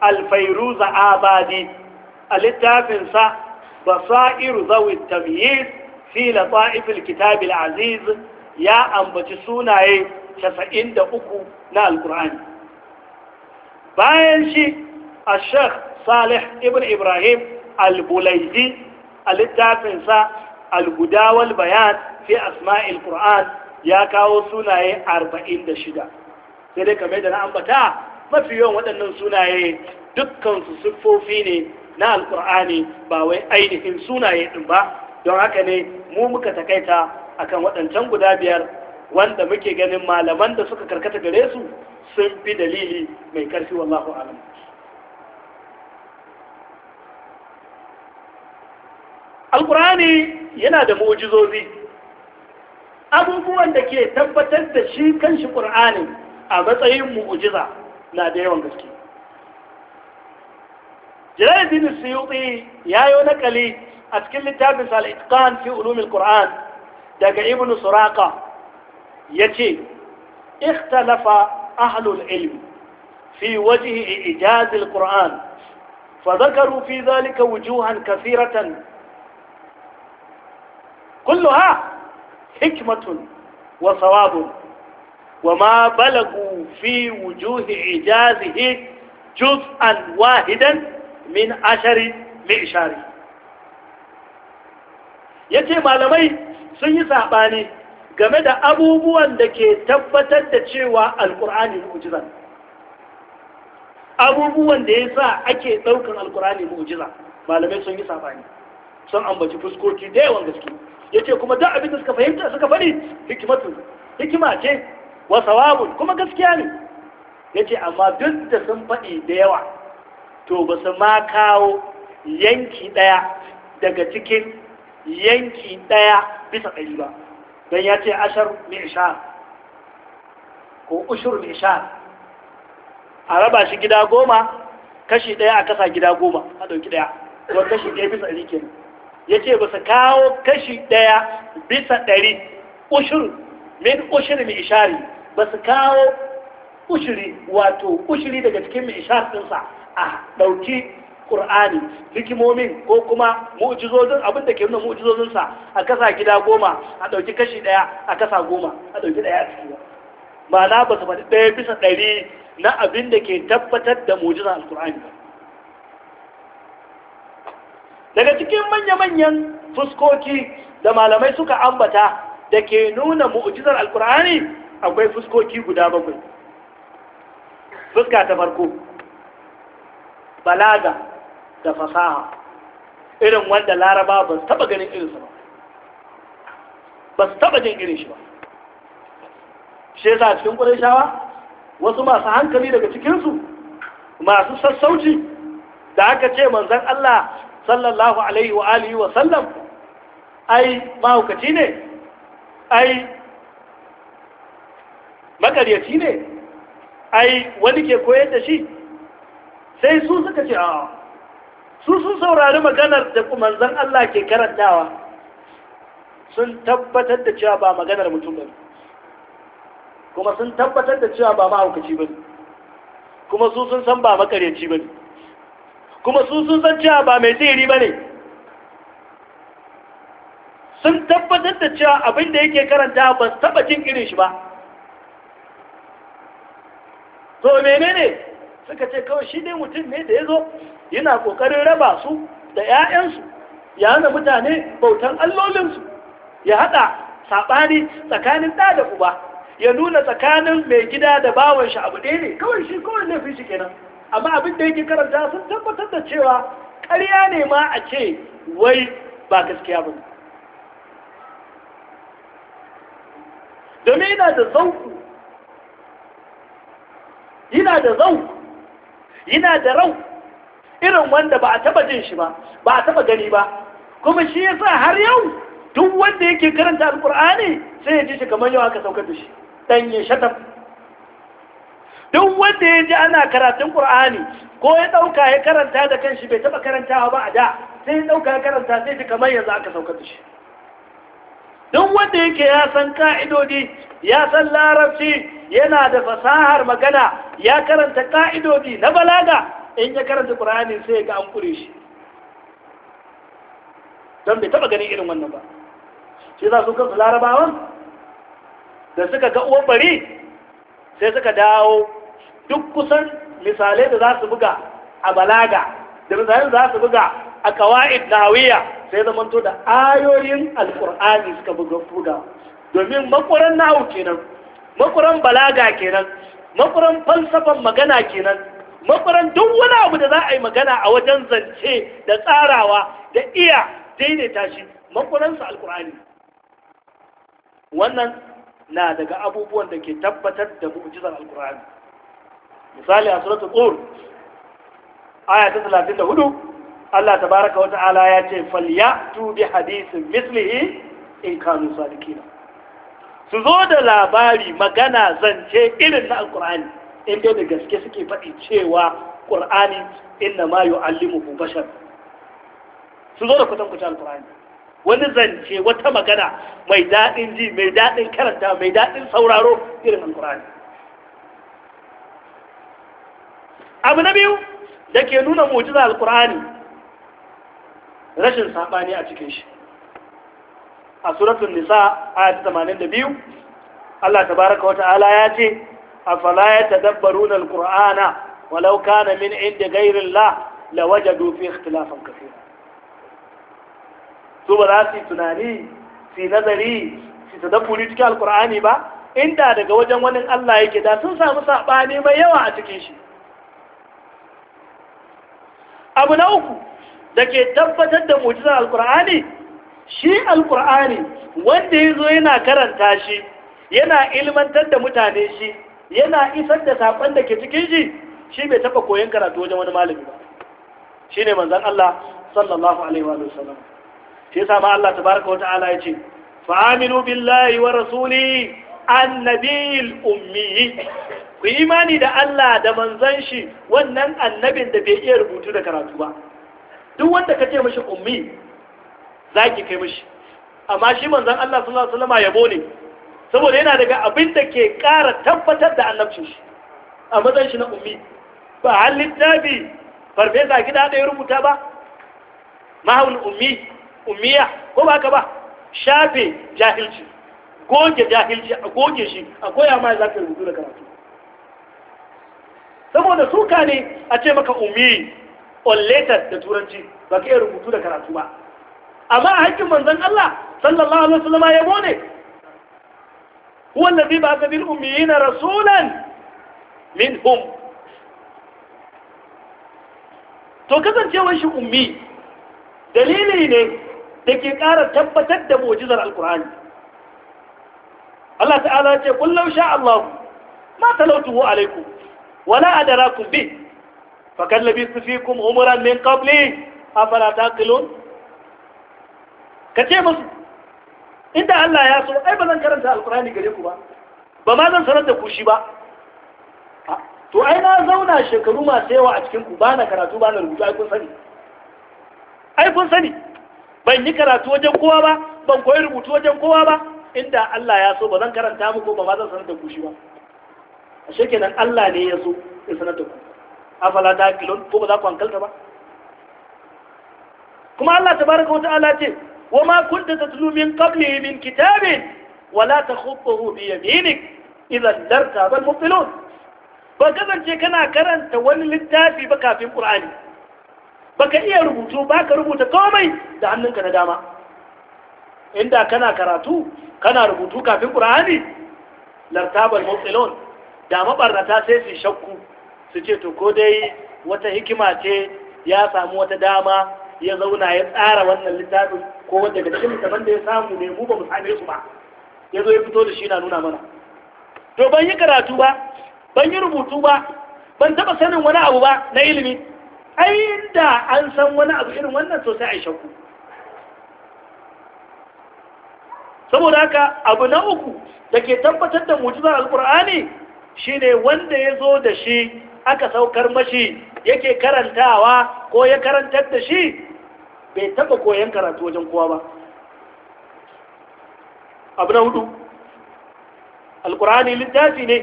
al-fayruza abadi a littafinsa basairu zawi tamyiz fi lata'if al-kitab aziz ya ambaci sunaye casa'in da uku na alkur'ani bayan shi a sheikh salih ibn ibrahim al a littafinsa al bayan fi asma'il qur'an ya kawo sunaye arba'in da shida sai dai kamar da na ambata mafi yawan waɗannan sunaye dukkansu siffofi ne na alkur'ani ba wai ainihin sunaye ɗin ba don haka ne mu muka takaita akan waɗancan guda biyar wanda muke ganin malaman da suka karkata gare su sun fi dalili mai karfi wallahu alam alkurani yana da mu'jizozi abubuwan da ke tabbatar da shi kanshi ƙur'ani a matsayin mu'jiza na da yawan gaske jalaluddin suyuti yayo nakali a cikin littafin al-itqan fi ulum daga ibn suraka يتي اختلف أهل العلم في وجه إجاز القرآن فذكروا في ذلك وجوها كثيرة كلها حكمة وصواب وما بلغوا في وجوه إعجازه جزءا واحدا من عشر لإشاره يتي malamai sun game da abubuwan da ke tabbatar da cewa Alƙur'ani mu'jiza abubuwan da ya sa ake ɗaukar alkur'ani mu'jiza malamai sun yi safani sun ambaci fuskoki da yawan gaske ya ce kuma duk abin da suka fahimta suka faɗi hikimatu hikima ce wa sawabun kuma gaskiya ne ya ce amma duk da sun faɗi da yawa to ba su ma kawo yanki ɗaya daga cikin yanki ɗaya bisa ɗari ba don ya ce ashar isha, ko ushur mi'ishar a raba shi gida goma kashi daya a kasa gida goma a ɗauki daya, ko kashi daya bisa dari ke. ya ce ba su kawo kashi daya, bisa ɗari ushur min ushur mi'ishari ba su kawo ushiri wato ushiri daga cikin mi'ishar ɗinsa a ɗauki Ƙur'ani, hikimomin ko kuma mu'jizozin abinda ke nuna mu'jizozin a kasa gida goma a ɗauki kashi ɗaya a kasa goma a ɗauki ɗaya a ba ma'ana ba su faɗi ɗaya bisa ɗari na abin da ke tabbatar da mu'jizan Alƙur'ani ba daga cikin manya-manyan fuskoki da malamai suka ambata da ke nuna mu'ujizar Alƙur'ani, akwai fuskoki guda bakwai fuska ta farko balaga da fasaha irin wanda laraba ba su taba ganin irinsa ba ba su taba jin irin shi ba shi yasa cikin ƙudan shawa wasu masu hankali daga cikinsu masu sassauci da aka ce manzan Allah sallallahu alaihi wa wa sallam ai mahaukaci ne ai makaryaci ne ai wani ke koyar da shi sai su suka ce a su sun saurari maganar da manzon Allah ke karantawa sun tabbatar da cewa ba maganar mutum ne, kuma sun tabbatar da cewa ba mahaukaci ne, kuma su sun san ba makareci ne, kuma su sun san cewa ba mai sihiri ne. sun tabbatar da cewa abin da yake karanta ba su taba jin irin shi ba to menene suka ce kawai shi ne mutum ne da ya zo yana ƙoƙarin raba su da 'ya'yansu ya hana mutane bautan allolinsu ya haɗa saɓani tsakanin ɗa da uba ya nuna tsakanin mai gida da bawan shi abu ɗaya ne kawai shi kawai laifin shi kenan amma abin da yake karanta sun tabbatar da cewa ƙarya ne ma a ce wai ba gaskiya ba domin yana da zauku yana da zauku yana da rau irin wanda ba a taba jin shi ba ba a taba gani ba kuma shi yasa har yau duk wanda yake karanta alkur'ani sai ya ji shi kamar yau aka saukar da shi dan ya shatar duk wanda ya ji ana karatun qur'ani ko ya dauka ya karanta da kanshi bai taba karantawa ba a da sai ya dauka ya karanta sai ji kamar yanzu aka saukar da shi duk wanda yake ya san ka'idodi ya san larabci yana da fasahar magana ya karanta ka'idodi na balaga in ya karanta ƙur'ani sai ga an kure shi don bai taba ganin irin wannan ba shi za su kansu larabawan da suka ga uwan bari sai suka dawo duk kusan misalai da za su buga a balaga da misalai da za su buga a kawa'id nawiya sai zamanto da ayoyin Alƙur'ani suka buga domin makuran nahu kenan makuran balaga kenan makuran falsafan magana kenan makwaran duk wani abu da za a yi magana a wajen zance da tsarawa da iya daidaita shi makwaransa alkur'ani wannan na daga abubuwan da ke tabbatar da mu'jizar alkur'ani misali a suratul qur aya ta 34 Allah tabaraka wa ta'ala ya ce falyatu bi hadisin mislihi in kanu sadiqina su zo da labari magana zance irin na alkur'ani in dai da gaske suke faɗi cewa ƙur'ani inna ma ku bashar su zo da kutan kuta alƙur'ani wani zance wata magana mai daɗin ji mai daɗin karanta mai daɗin sauraro irin alƙur'ani abu na biyu da ke nuna mujiza alƙur'ani rashin saɓani a cikin shi a suratun nisa a 82 Allah Ta baraka wata ala ya ce afala yatadabbaruna alqur'ana walau kana min inda ghayri Allah lawajadu fi ikhtilafan kathira su ba za su yi tunani su yi nazari su tadabburi cikin alqur'ani ba inda daga wajen wani Allah yake da sun samu saɓani mai yawa a cikin shi abu na uku da ke tabbatar da mujizar alkur'ani shi alkur'ani wanda ya zo yana karanta shi yana ilmantar da mutane shi yana isar da saƙon da ke cikin shi shi bai taɓa koyon karatu wajen wani malami ba shi ne manzan Allah sallallahu alaihi wa sallam shi yasa ma Allah tabaraka wa ta'ala ya ce fa'aminu billahi wa rasuli annabiyil ummi ku imani da Allah da manzan shi wannan annabin da bai iya rubutu da karatu ba duk wanda ka ce mashi ummi zaki kai mashi amma shi manzan Allah sallallahu alaihi wa yabo ne saboda yana daga abin da ke ƙara tabbatar da annabcin shi a matsayin shi na ummi ba halin tabi farfesa gida da ya rubuta ba mahaunin ummi ummiya ko ba ka ba shafe jahilci goge jahilci a goge shi a koya ma za ka rubutu da karatu saboda suka ne a ce maka ummi unletter da turanci ba ka iya rubutu da karatu ba amma a hakkin manzan Allah sallallahu alaihi wasallam ya bone هو الذي بعث في الأميين رسولا منهم to kasancewar shi ummi dalili ne da ke ƙara tabbatar da mu'jizar alkur'ani Allah ta'ala ce kullau sha Allah ma talautuhu alaikum wala adarakum bi fa kallabistu fikum umran min qabli afala taqilun kace musu inda Allah ya so ai ba zan karanta alkurani gare ku ba ba ma zan sanar da ku shi ba to ai na zauna shekaru masu yawa a cikin ku ba na karatu ba na rubutu ai kun sani ai kun sani ban yi karatu wajen kowa ba ban koyi rubutu wajen kowa ba inda Allah ya so ba zan karanta muku ba ma zan sanar da ku shi ba a shekenan Allah ne ya so ya sanar da ku afala ta kilon ko ba za ku hankalta ba kuma Allah tabaraka wa ta'ala ce وما كنت تتلو من قبله من كتاب ولا تخطه بيمينك إذا لارتاب المبطلون فكذا شيء كان كرن تولي للتافي بكا في القرآن بكا إيه ربوتو باكا ربوتا قومي دعننك نداما إندا كان كراتو كان ربوتو كا في القرآن لارتاب المبطلون داما برنتا سيسي شكو سيتو كودي وتهكما تي ya samu wata dama ya zauna ya tsara wannan littafin ko wanda daga cikin littafan da ya samu ne mu ba mu same su ba ya zo ya fito da shi na nuna mana to ban yi karatu ba ban yi rubutu ba ban taba sanin wani abu ba na ilimi ai inda an san wani abu irin wannan to sai a yi shakku saboda haka abu na uku da ke tabbatar da mujizar alkur'ani shine wanda ya zo da shi aka saukar mashi yake karantawa ko ya karantar da shi bai taba koyan karatu wajen kowa ba abu na hudu alkurani littafi ne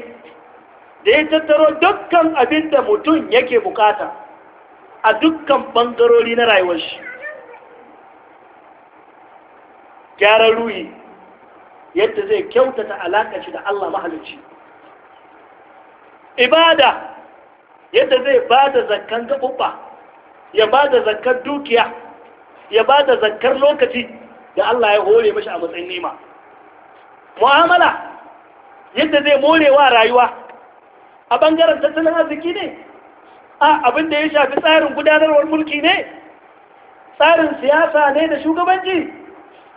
da ya tattaro dukkan abin da mutum yake bukata a dukkan bangarori na rayuwar shi Gyara ruhi yadda zai kyautata alaƙa da Allah mahalicci ibada yadda zai ba da zakkan gaɓuɓɓa ya ba da zakkan dukiya ya ba da zakkar lokaci da Allah ya hore mashi a matsayin nema mu'amala yadda zai morewa rayuwa a bangaren tattalin arziki ne a abin da ya shafi tsarin gudanarwar mulki ne tsarin siyasa ne da shugabanci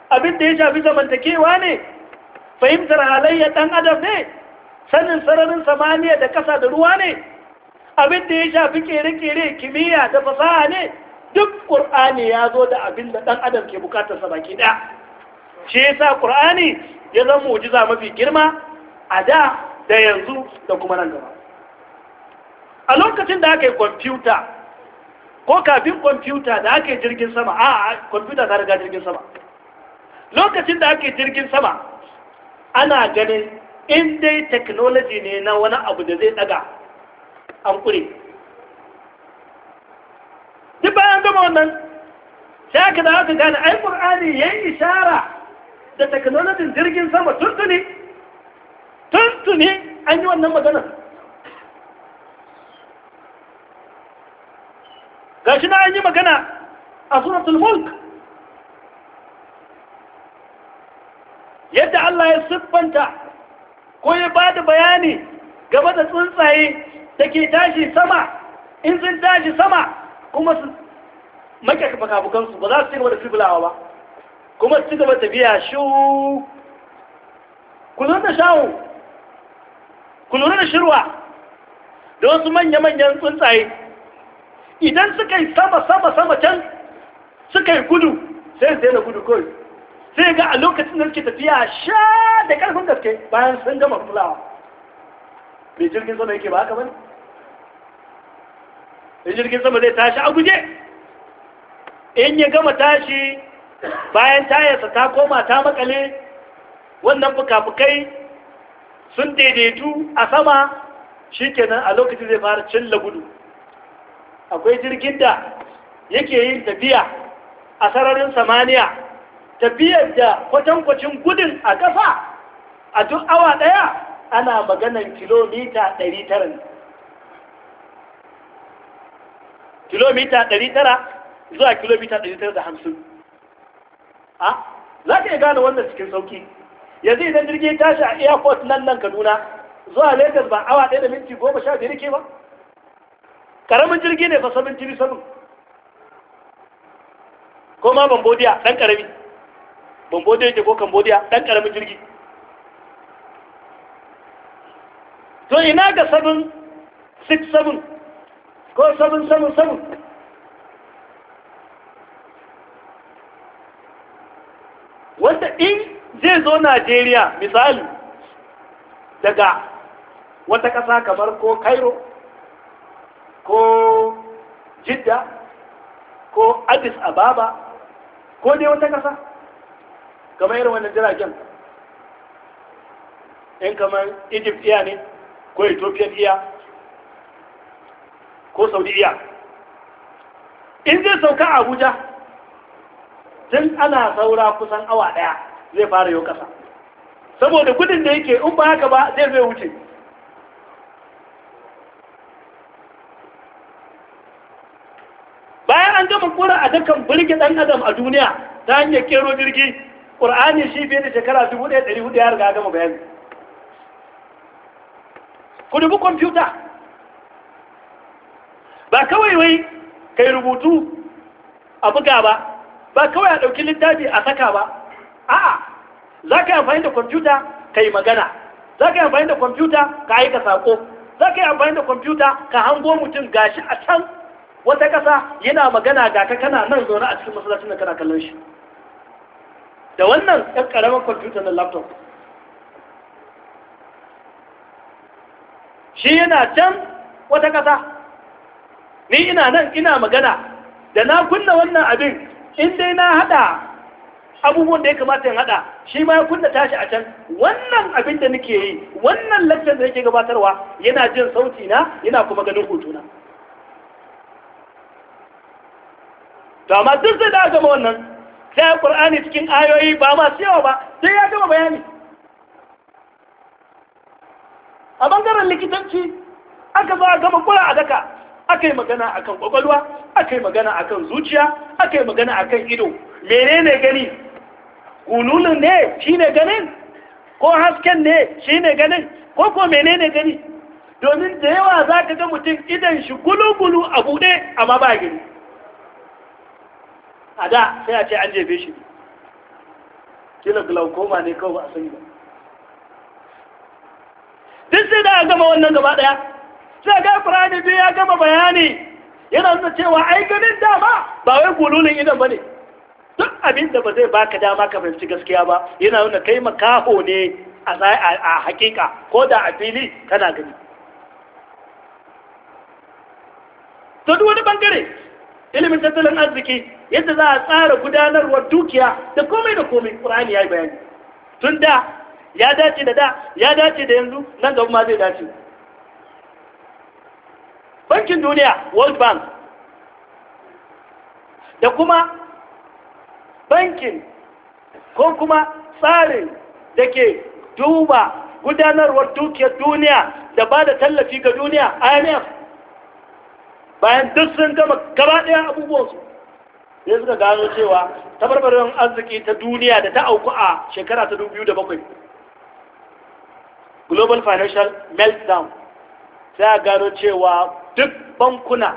abin da ya shafi zamantakewa ne fahimtar halayya ɗan adam ne sanin sararin samaniya da ƙasa da ruwa ne abin da ya shafi kere-kere kimiyya da fasaha ne duk ƙur'ani ya zo da abin da ɗan adam ke buƙatar sa baki ɗaya shi yasa ƙur'ani ya zama mu'jiza mafi girma a da da yanzu da kuma nan gaba a lokacin da aka yi kwamfuta ko kafin kwamfuta da aka yi jirgin sama a kwamfuta ta riga jirgin sama lokacin da aka yi jirgin sama ana ganin in dai technology ne na wani abu da zai ɗaga an ƙure a bayan gama wannan sai aka da aka gane ai qur'ani yayi isharar da teknolojin jirgin sama tuntuni tuntuni an yi wannan magana gashi na an yi magana a suratul mulk yadda Allah ya siffanta ko ya ba da bayani game da tsuntsaye da ke tashi sama in sun tashi sama kuma su make bakabukansu ba za su cigaba da fibulawa ba kuma su cigaba tafiya shu kulun da shawo kulun da shirwa da wasu manya-manyan tsuntsaye idan suka yi sama-sama-sama can suka yi gudu sai su daina gudu kawai sai ga a lokacin da suke tafiya sha da karfin gaske bayan sun gama fulawa mai jirgin zama yake ba haka bane da jirgin sama zai tashi a guje in ya gama tashi bayan tayarsa ta koma ta makale wannan fukafukai sun daidaitu a sama shikenan a lokacin zai fara cilla gudu akwai jirgin da yake yin tafiya a sararin samaniya tafiyar da kwatankwacin gudun a ƙasa a duk awa ɗaya ana maganan kilomita 900 kilomita 900 zuwa kilomita 950 a za ka iya gane wannan cikin sauki yanzu idan jirgin tashi a airport nan nan kaduna zuwa lagos ba awa ɗaya da minti goma sha biyar ke ba karamin jirgi ne fa sabin jiri sabin ko ma bambodiya ɗan karami bambodiya ke ko kambodiya ɗan karamin jirgi to ina ga sabin 6 sabin ko 777 wanda in zai zo najeriya misali daga wata ƙasa kamar ko cairo ko jidda ko addis ababa ko dai wata ƙasa kamar irin wannan jiragen in kamar egypt iya ne ko ethiopian iya ko saudiya in zai sauka abuja tun ana saura kusan awa daya zai fara yau kasa saboda gudun da yake in ba haka ba zai zai wuce bayan an gama kura a dakan birge dan adam a duniya ta hanyar kero jirgi ƙur'ani shi fiye da shekara 1400 ya riga gama bayan. ku dubi kwamfuta ba kawai wai kai rubutu a buga ba ba kawai a ɗauki littafi a saka ba a'a za ka yi amfani da kwamfuta ka yi magana za ka yi amfani da kwamfuta ka aika saƙo za ka yi amfani da kwamfuta ka hango mutum gashi a can wata ƙasa yana magana ga ka kana nan zaune a cikin masallacin da kana kallon shi da wannan ɗan ƙaramin kwamfuta na laptop shi yana can wata ƙasa ni ina nan ina magana da na kunna wannan abin in dai na hada abubuwan da ya kamata in hada shi ma ya kunna tashi a can wannan abin da nake yi wannan lakcin da yake gabatarwa yana jin sauti na yana kuma ganin hotuna to amma duk sai da gama wannan sai qur'ani cikin ayoyi ba masu yawa ba sai ya gama bayani a bangaren likitanci aka zo a gama kula a daka aka yi magana akan ƙwaƙwalwa, aka yi magana akan zuciya aka yi magana akan ido ne gani gululun ne shi ne ganin ko hasken ne shi ne ganin ko ko ne gani domin da yawa za ka ga mutum idan shi gulugulu a buɗe amma ba gani a da sai a ce an jefe shi kila glaucoma ne kawai ba a sani ba duk sai da a gama wannan gaba ɗaya sai ga Qur'ani bai ya gama bayani yana nuna cewa ai ganin dama ba wai gululin idan bane duk abin da ba zai baka dama ka fahimci gaskiya ba yana nuna kai makaho ne a hakika ko da a fili kana gani duk wani bangare ilimin tattalin arziki yadda za a tsara gudanarwar dukiya da komai da komai ƙur'ani ya yi bayani tun da ya dace da da ya dace da yanzu nan gaba ma zai dace bankin duniya world bank da kuma bankin ko kuma tsarin da ke duba gudanarwar dukiyar duniya da ba da tallafi ga duniya imf bayan duk sun gama gaba ɗaya abubuwansu ne suka gano cewa tabarbarin arziki ta duniya da ta auku a shekara ta 2007 global financial meltdown sai a gano cewa duk bankuna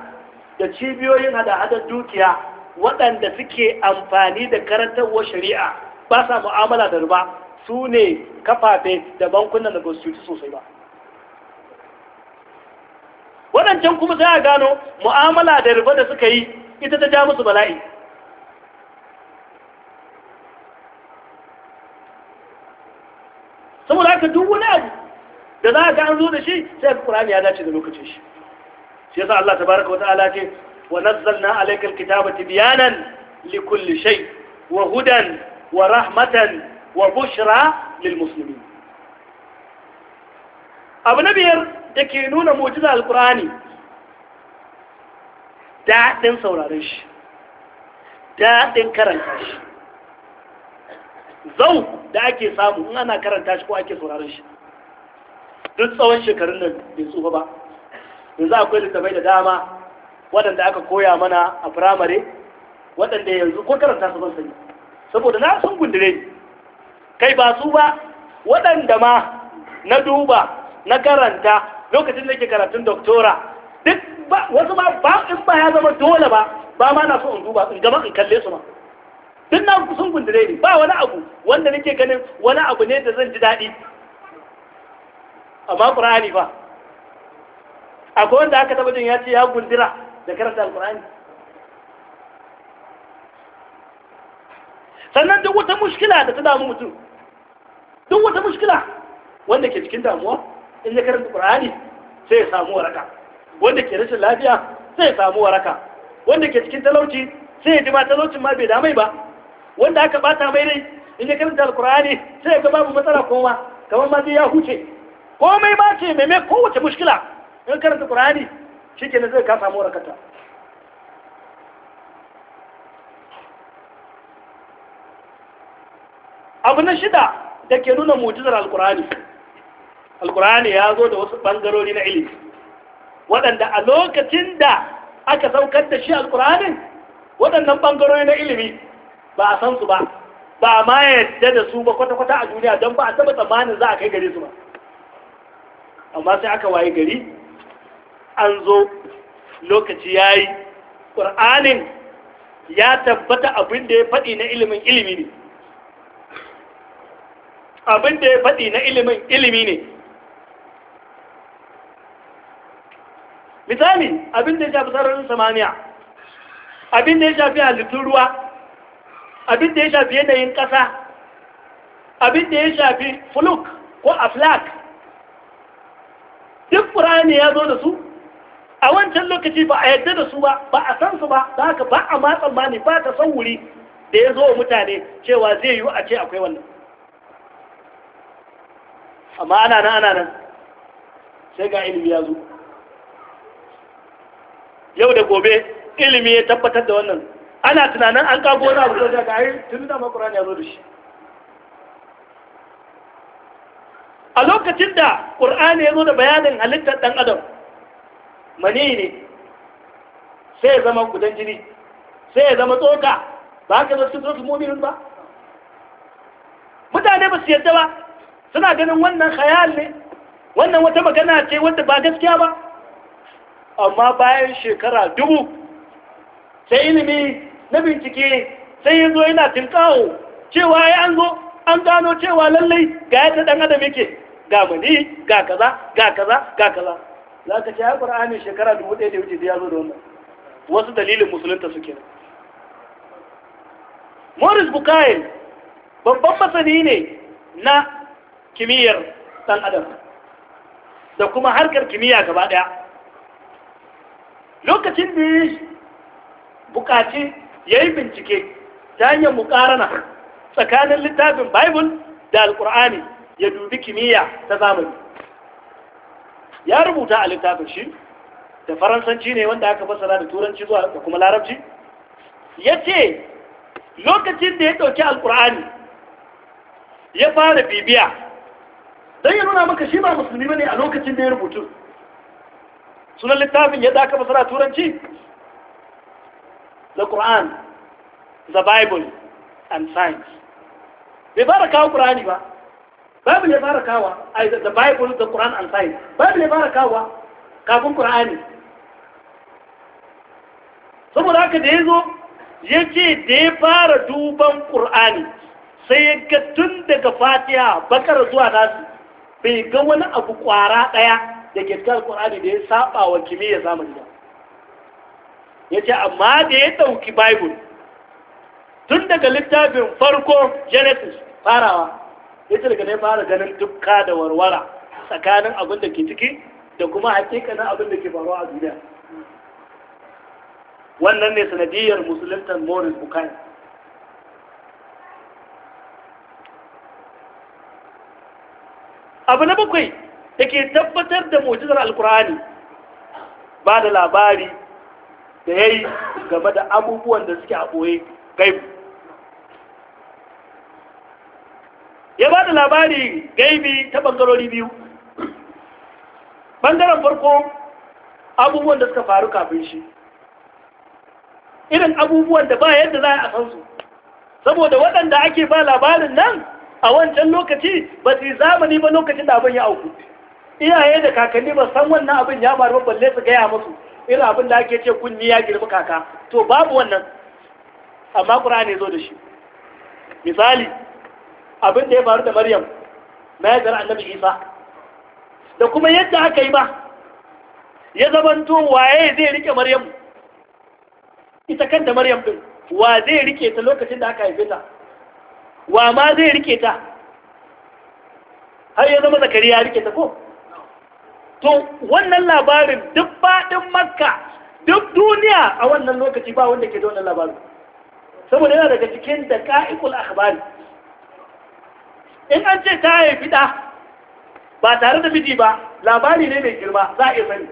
da cibiyoyin hada-hadar dukiya waɗanda suke amfani da karantarwar shari'a ba sa mu'amala da ruba su ne kafafe da bankunan da ba su sosai ba waɗancan kuma sai a gano mu'amala da ruba da suka yi ita ta ja musu bala'i saboda haka duk wani abu da za a ga an zo da shi sai kurani ya dace da lokacin shi shi yasa Allah tabaraka wa ce wa nazzalna alaykal kitaba tibyanan likulli shay wa hudan wa rahmatan wa bushra lil muslimin abu na biyar da ke nuna mu'jiza alqur'ani daɗin sauraron shi daɗin karanta shi zau da ake samu in ana karanta shi ko ake sauraron shi duk tsawon shekarun nan bai tsufa ba yanzu akwai littafai da dama waɗanda aka koya mana a firamare waɗanda yanzu ko karanta su ban sani saboda na sun gundure ni kai ba su ba waɗanda ma na duba na karanta lokacin da ke karatun doktora duk wasu ma ba in ba ya zama dole ba ba ma na so in duba in gama in kalle su ma duk na sun gundure ni ba wani abu wanda nake ganin wani abu ne da zan ji daɗi amma ƙura'ani fa akwai wanda aka taba jin ya ce ya gundira da karanta alkur'ani sannan duk wata mushkila da ta damu mutum duk wata mushkila wanda ke cikin damuwa in ya karanta alkurani sai ya samu waraka wanda ke rashin lafiya sai ya samu waraka wanda ke cikin talauci sai ya ji ba talaucin ma bai damai ba wanda aka bata mai rai in ya karanta alkur'ani sai ya ga babu matsala koma kamar ma sai ya huce komai ba ce mai mai kowace mushkila in karanta ke shikenan zai ka samu rakata abu na shida da ke nuna mutunar Alƙur'ani, Alƙur'ani ya zo da wasu ɓangarori na ilimi waɗanda a lokacin da aka saukar da shi alƙurani waɗannan ɓangarori na ilimi ba a san su ba ba a ma yadda da su ba kwata-kwata a duniya don ba a taɓa tsammanin za a kai gare su ba amma sai aka waye gari an zo lokaci ya yi ƙur'anin ya tabbata abin da ya faɗi na ilimin ilimi ne abin da ya faɗi na ilimin ilimi ne misali abin da ya shafi sararin samaniya abin da ya shafi halittun ruwa abin da ya shafi yanayin ƙasa abin da ya shafi fuluk ko aflak duk ƙur'ani ya zo da su a wancan lokaci ba a yadda da su ba ba a san su ba za ka ba a matsan mani ba ta san wuri da ya zo wa mutane cewa zai yi a ce akwai wannan amma ana nan ana nan sai ga ilimi ya zo yau da gobe ilimi ya tabbatar da wannan ana tunanin an kago wani abu da ga yi tun da makuran ya zo da shi a lokacin da ƙur'ani ya zo da bayanin halittar ɗan adam mani ne sai ya zama gudan jini sai ya zama tsoka ba haka zo su sosu muminin ba mutane ba su yadda ba suna ganin wannan khayal ne wannan wata magana ce wadda ba gaskiya ba amma bayan shekara dubu sai ilimi na bincike sai ya zo yana tilkawo cewa ya an zo an gano cewa lallai ga yadda dan adam yake ga mani ga kaza ga kaza ga kaza za ka ce shekara dubu ɗaya da ya zo da wannan wasu dalilin musulunta suke nan morris bukayin babban masani ne na kimiyyar ɗan adam da kuma harkar kimiyya gaba ɗaya lokacin da ya buƙaci ya yi bincike ta hanyar mukarana tsakanin littafin bible da alkur'ani ya dubi kimiyya ta zamani ya rubuta a littafin shi da faransanci ne wanda aka fassara da turanci zuwa da kuma larabci ya ce lokacin da ya ɗauki alkur'ani ya fara bibiya don ya nuna maka shi ba musulmi ba ne a lokacin da ya rubutu sunan littafin yadda aka fassara turanci the Quran the Bible and science bai fara kawo Qur'ani ba babu ya fara kawa ai da bible da quran and science babu ya fara kawa kafin qur'ani saboda haka da ya ce da ya fara duban qur'ani sai ya ga tun daga fatiha bakar zuwa nasu bai ga wani abu kwara daya da ke cikin qur'ani da ya saba wa kimiyya zamani ba ce amma da ya dauki bible tun daga littafin farko genesis farawa yace daga ne fara ganin dukka da warwara tsakanin abin da ke ciki da kuma hakikanin abin da ke faruwa a duniya wannan ne sanadiyar musuluntan morris bukai abu na bakwai da ke tabbatar da mujizar alkur'ani ba da labari da ya yi game da abubuwan da suke a ɓoye gaibu ya ba da labari gaibi ta bangarori biyu bangaren farko abubuwan da suka faru kafin shi irin abubuwan da ba yadda za a san su saboda waɗanda ake ba labarin nan a wancan lokaci ba su yi zamani ba lokacin da abin ya auku iyaye da kakanni ba san wannan abin ya faru balle su gaya masu irin abin da ake ce kunni ya girma kaka to babu wannan amma ƙura ne zo da shi misali abin da ya faru da maryam na zara annabi isa da kuma yadda aka yi ba ya zamanto waye zai rike maryam ita kanta maryam din wa zai rike ta lokacin da aka haife ta wa ma zai rike ta har ya zama zakari ya rike ta ko to wannan labarin duk faɗin makka duk duniya a wannan lokaci ba wanda ke da wannan labarin saboda yana daga cikin da ka'ikul akhbari in an ce ta yi fita ba tare da miji ba labari ne mai girma za a iya sani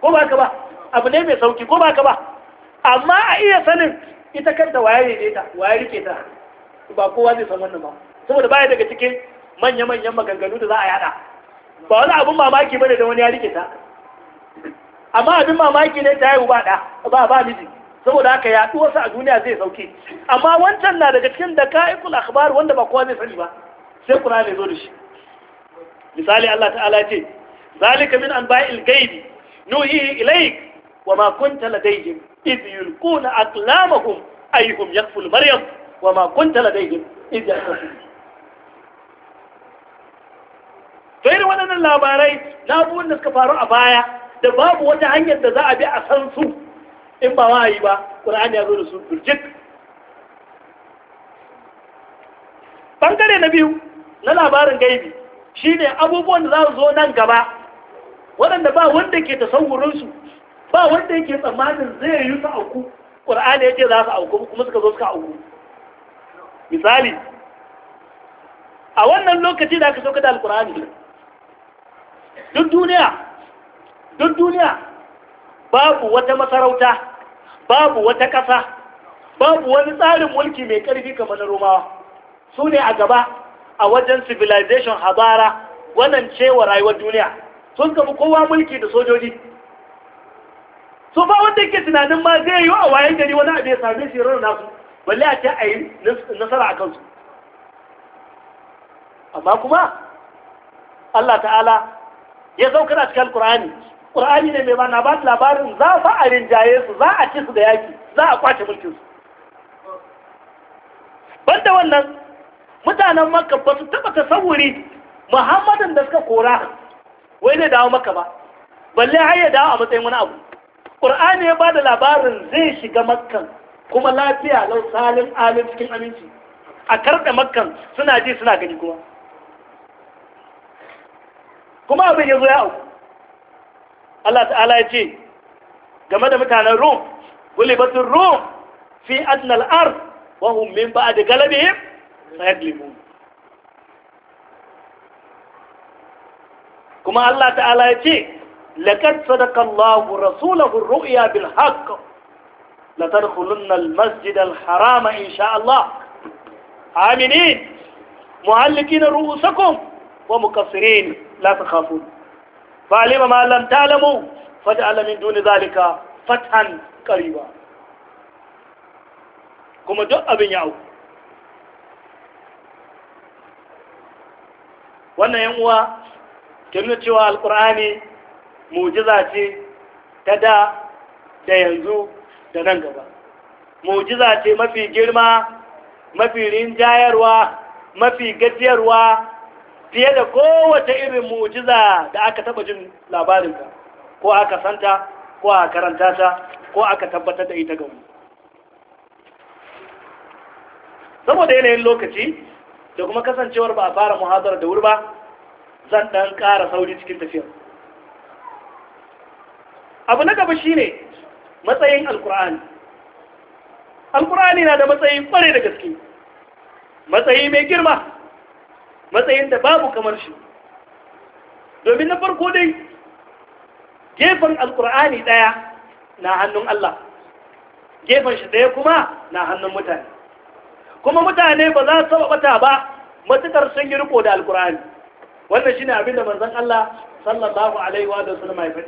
ko ba ka ba abu ne mai sauki ko ba ka ba amma a iya sanin ita kanta waye ne ta waye rike ta ba kowa zai san wannan ba saboda baya daga cikin manya-manyan maganganu da za a yada ba wani abin mamaki bane da wani ya rike ta amma abin mamaki ne ta haihu ba da ba ba miji saboda haka yaɗuwarsa a duniya zai sauke amma wancan na daga cikin da ka'ikul akhbar wanda ba kowa zai sani ba sai Qur'ani ya zo da shi misali Allah ta'ala ce zalika min an anba'il ghaibi nuhi ilayk wa ma kunta ladayhim id yulquna aqlamahum ayyuhum yakful maryam wa ma kunta ladayhim id yaqulu sai waɗannan labarai na abubuwan da suka faru a baya da babu wata hanyar da za a bi a san su in ba wahayi ba ƙur'ani ya zo da su birjik ɓangare na biyu na labarin gaibi shi ne abubuwan da za su zo nan gaba waɗanda ba wanda ke tasawurinsu ba wanda yake tsammanin zai yi su auku ƙur'ani ya ce za su auku kuma suka zo suka auku misali a wannan lokaci da aka sauka da alƙur'ani duk duniya duk duniya babu wata masarauta babu wata ƙasa babu wani tsarin mulki mai ƙarfi kamar na romawa su ne a gaba a wajen civilization habara wannan cewa rayuwar duniya sun kafa kowa mulki da sojoji so ba wanda yake tunanin ma zai yi a wayan gari wani abu ya same shi ranar nasu balle a ce a yi nasara a kansu amma kuma Allah ta'ala ya saukar a cikin Qur'ani Qur'ani ne mai bana ba labarin za a fa'arin jaye su za a ci su da yaki za a kwace mulkin su banda wannan mutanen makka ba su taɓa tasawuri muhammadin da suka kora wai zai dawo maka ba balle har ya dawo a matsayin wani abu ƙur'ani ya bada da labarin zai shiga makkan kuma lafiya lau salin alin cikin aminci a karɗe makkan suna ji suna gani kuma kuma abin ya zo ya auku Allah ta'ala ya ce game da mutanen Rum gulibatun Rum fi adnal ard wa hum min ba'd galabihim فيغلبون كما الله تعالى يقول لقد صدق الله رسوله الرؤيا بالحق لتدخلن المسجد الحرام ان شاء الله امنين معلقين رؤوسكم ومقصرين لا تخافون فعلم ما لم تعلموا فجعل من دون ذلك فتحا قريبا كما جاء بن يعوب wannan yan uwa ke cewa alkur'ani mujiza ce ta da da yanzu da nan gaba mujiza ce mafi girma mafi rinjayarwa mafi gajiyarwa fiye da kowace irin mujiza da aka taba jin labarinka ko aka santa ko aka karanta ta ko aka tabbatar da ita mu saboda yanayin lokaci da kuma kasancewar ba a fara muhazara da wuri ba zan ɗan kara sauri cikin tafiyar abu na gaba shine matsayin alkur'ani alkur'ani na da matsayi kware da gaske matsayi mai girma matsayin da babu kamar shi domin na farko dai gefen alkur'ani ɗaya na hannun Allah gefen shi ɗaya kuma na hannun mutane kuma mutane ba za su bata ba matukar sun yi riko da alkur'ani wannan shine abin da manzon Allah sallallahu alaihi wa sallam ya faɗi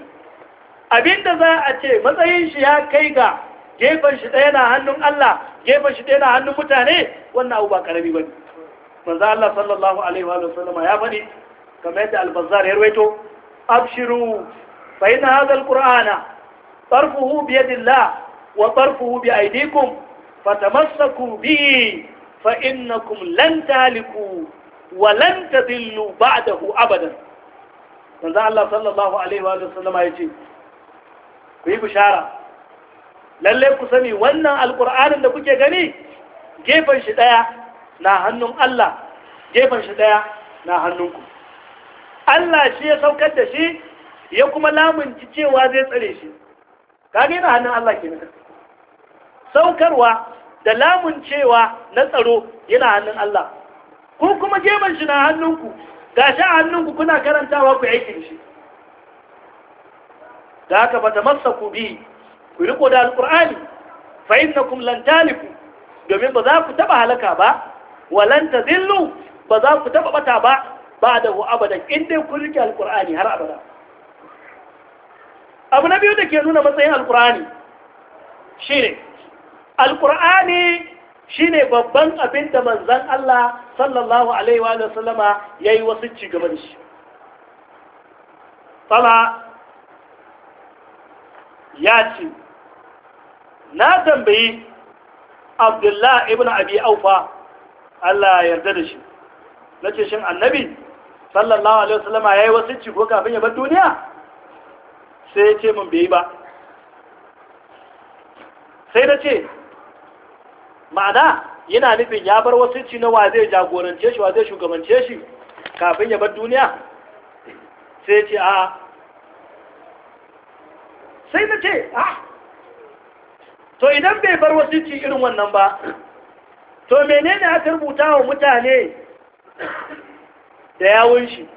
abin da za a ce matsayin shi ya kai ga gefen shi ɗaya na hannun Allah gefen shi ɗaya na hannun mutane wannan abu ba karami bane manzon Allah sallallahu alaihi wa sallam ya faɗi kamar yadda al-Bazzar ya rawaito abshiru fa inna hadha al-qur'ana tarfuhu bi yadillah wa tarfuhu bi aydikum فتمسكوا به فإنكم لن تهلكوا ولن تذلوا بعده أبدا manzo Allah sallallahu alaihi wa sallama yace ku yi bishara Lallai ku sani wannan alqur'anin da kuke gani gefen shi daya na hannun Allah gefen shi na Allah shi ya saukar da shi ya kuma lamunci cewa zai tsare shi kage na hannun Allah kenan saukarwa da lamun cewa na tsaro yana hannun Allah ko kuma geman shi na hannunku gashi a hannunku kuna karantawa ku aikin shi da haka ba ta masa ku bi ku riko da alƙur'ani fa kum lan taliku domin ba za ku taba halaka ba walan zillu ba za ku taba bata ba ba da ku abadan in dai kun rike alƙur'ani har abada abu na biyu da ke nuna matsayin alƙur'ani shine alƙur'ani shi ne babban abin da manzan Allah sallallahu alaihi wa sallama ya yi wasu cigaban shi fala ya ce na tambayi abdullah ibn abi aufa Allah yarda da shi na ce shin annabi sallallahu alaihi wasallama ya yi wasu ciko kafin ya bar duniya sai ya ce mun bai ba sai na ce ma'ana yana nufin ya bar wasu ci na wa zai jagorance shi wa zai shugabance shi kafin ya bar duniya sai ce a sai na ce a? to idan bai bar wasu ci irin wannan ba to menene aka rubuta wa mutane da yawon shi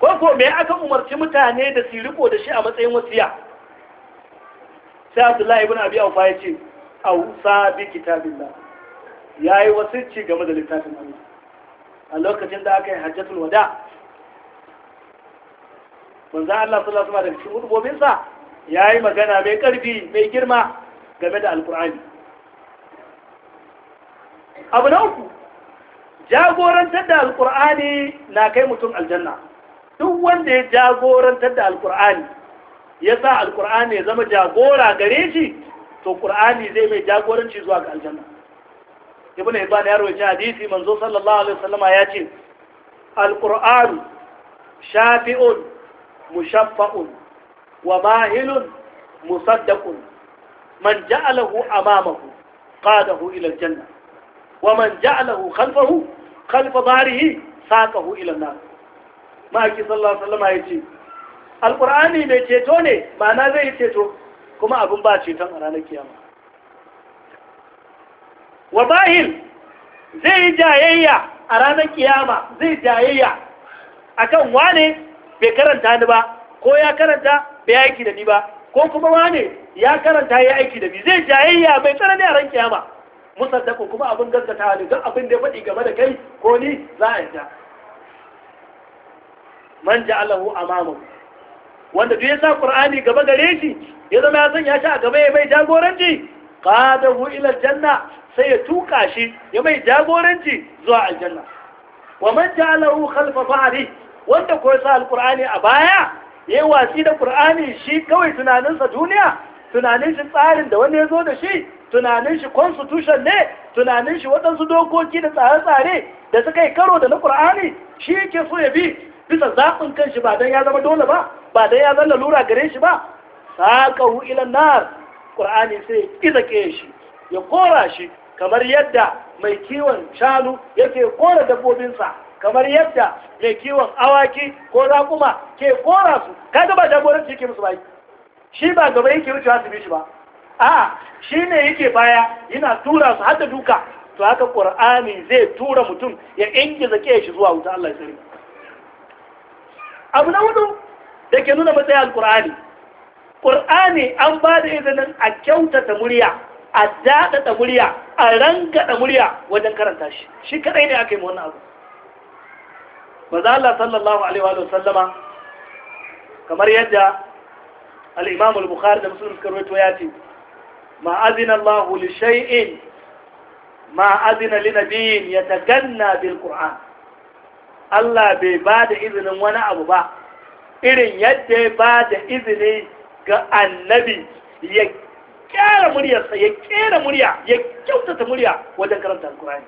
ko ko me aka umarci mutane da su da shi a matsayin wasiya sai Abdullahi ibn Abi Awfa ya ce ausa bi kitabillah yayi ci game da littafin Allah a lokacin da aka yi hajjatul wada manzo Allah sallallahu alaihi wasallam cikin rububin sa yayi magana mai karfi mai girma game da alqur'ani abu na uku jagorantar da alqur'ani na kai mutum aljanna duk wanda ya jagorantar da alqur'ani ya sa alqur'ani ya zama jagora gare shi to qur'ani zai mai jagoranci zuwa ga aljanna ibnu hibban ya rawaita hadisi manzo sallallahu alaihi wasallama ya ce alquran shafi'un mushaffa'un wa mahilun musaddaqun man ja'alahu amamahu qadahu ila aljanna wa man ja'alahu khalfahu khalfa barihi saqahu ila an-nar ma'aki sallallahu alaihi wasallama ya ce alqur'ani mai ceto ne ma'ana zai ceto kuma abin ba ceton a ranar kiyama wa bahil zai yi jayayya a ranar kiyama zai jayayya akan wane bai karanta ni ba ko ya karanta bai aiki da ni ba ko kuma wane ya karanta ya aiki da ni zai jayayya bai karanta a kiyama musaddaku kuma abin gaskata ne don abin da ya faɗi game da kai ko ni za a yi ta man ja'alahu amamahu wanda duk ya sa qur'ani gaba gare shi ya zama ya sanya shi a gaba ya mai jagoranci qadahu ila janna sai ya tuka shi ya mai jagoranci zuwa aljanna wa man ja'alahu khalfa ba'ri wanda ko sa alqur'ani a baya yayi watsi da qur'ani shi kawai tunaninsa duniya tunanin shi tsarin da wani ya zo da shi tunanin shi constitution ne tunanin shi waɗansu dokoki da tsare-tsare da suka yi karo da na qur'ani shi yake so ya bi bisa zaɓin shi ba dan ya zama dole ba ba dan ya zalla lura gare shi ba ka ila nar qur'ani sai izake shi ya kora shi kamar yadda mai kiwon shanu yake kora dabbobinsa kamar yadda mai kiwon awaki ko raƙuma ke kora su kaga ba dabbobin yake musu bai shi ba gaba yake wucewa su bi ba a shi ne yake baya yana tura su har da duka to haka ƙur'ani zai tura mutum ya ingiza ke shi zuwa wuta Allah ya sani abu na hudu da ke nuna matsayi alkur'ani ƙur'ani an ba da izinin a kyautata murya a daɗaɗa murya a rangaɗa murya wajen karanta shi shi kaɗai ne aka yi wannan abu maza Allah sallallahu alaihi wa sallama kamar yadda al-imam al-bukhari da muslim suka rawaito ya ce ma azina Allahu li shay'in ma azina li nabiyyin yataganna bil qur'an Allah bai ba da izinin wani abu ba irin yadda ya ba da izini ga annabi ya kera muryarsa ya kera murya ya kyautata murya wajen karanta alkurani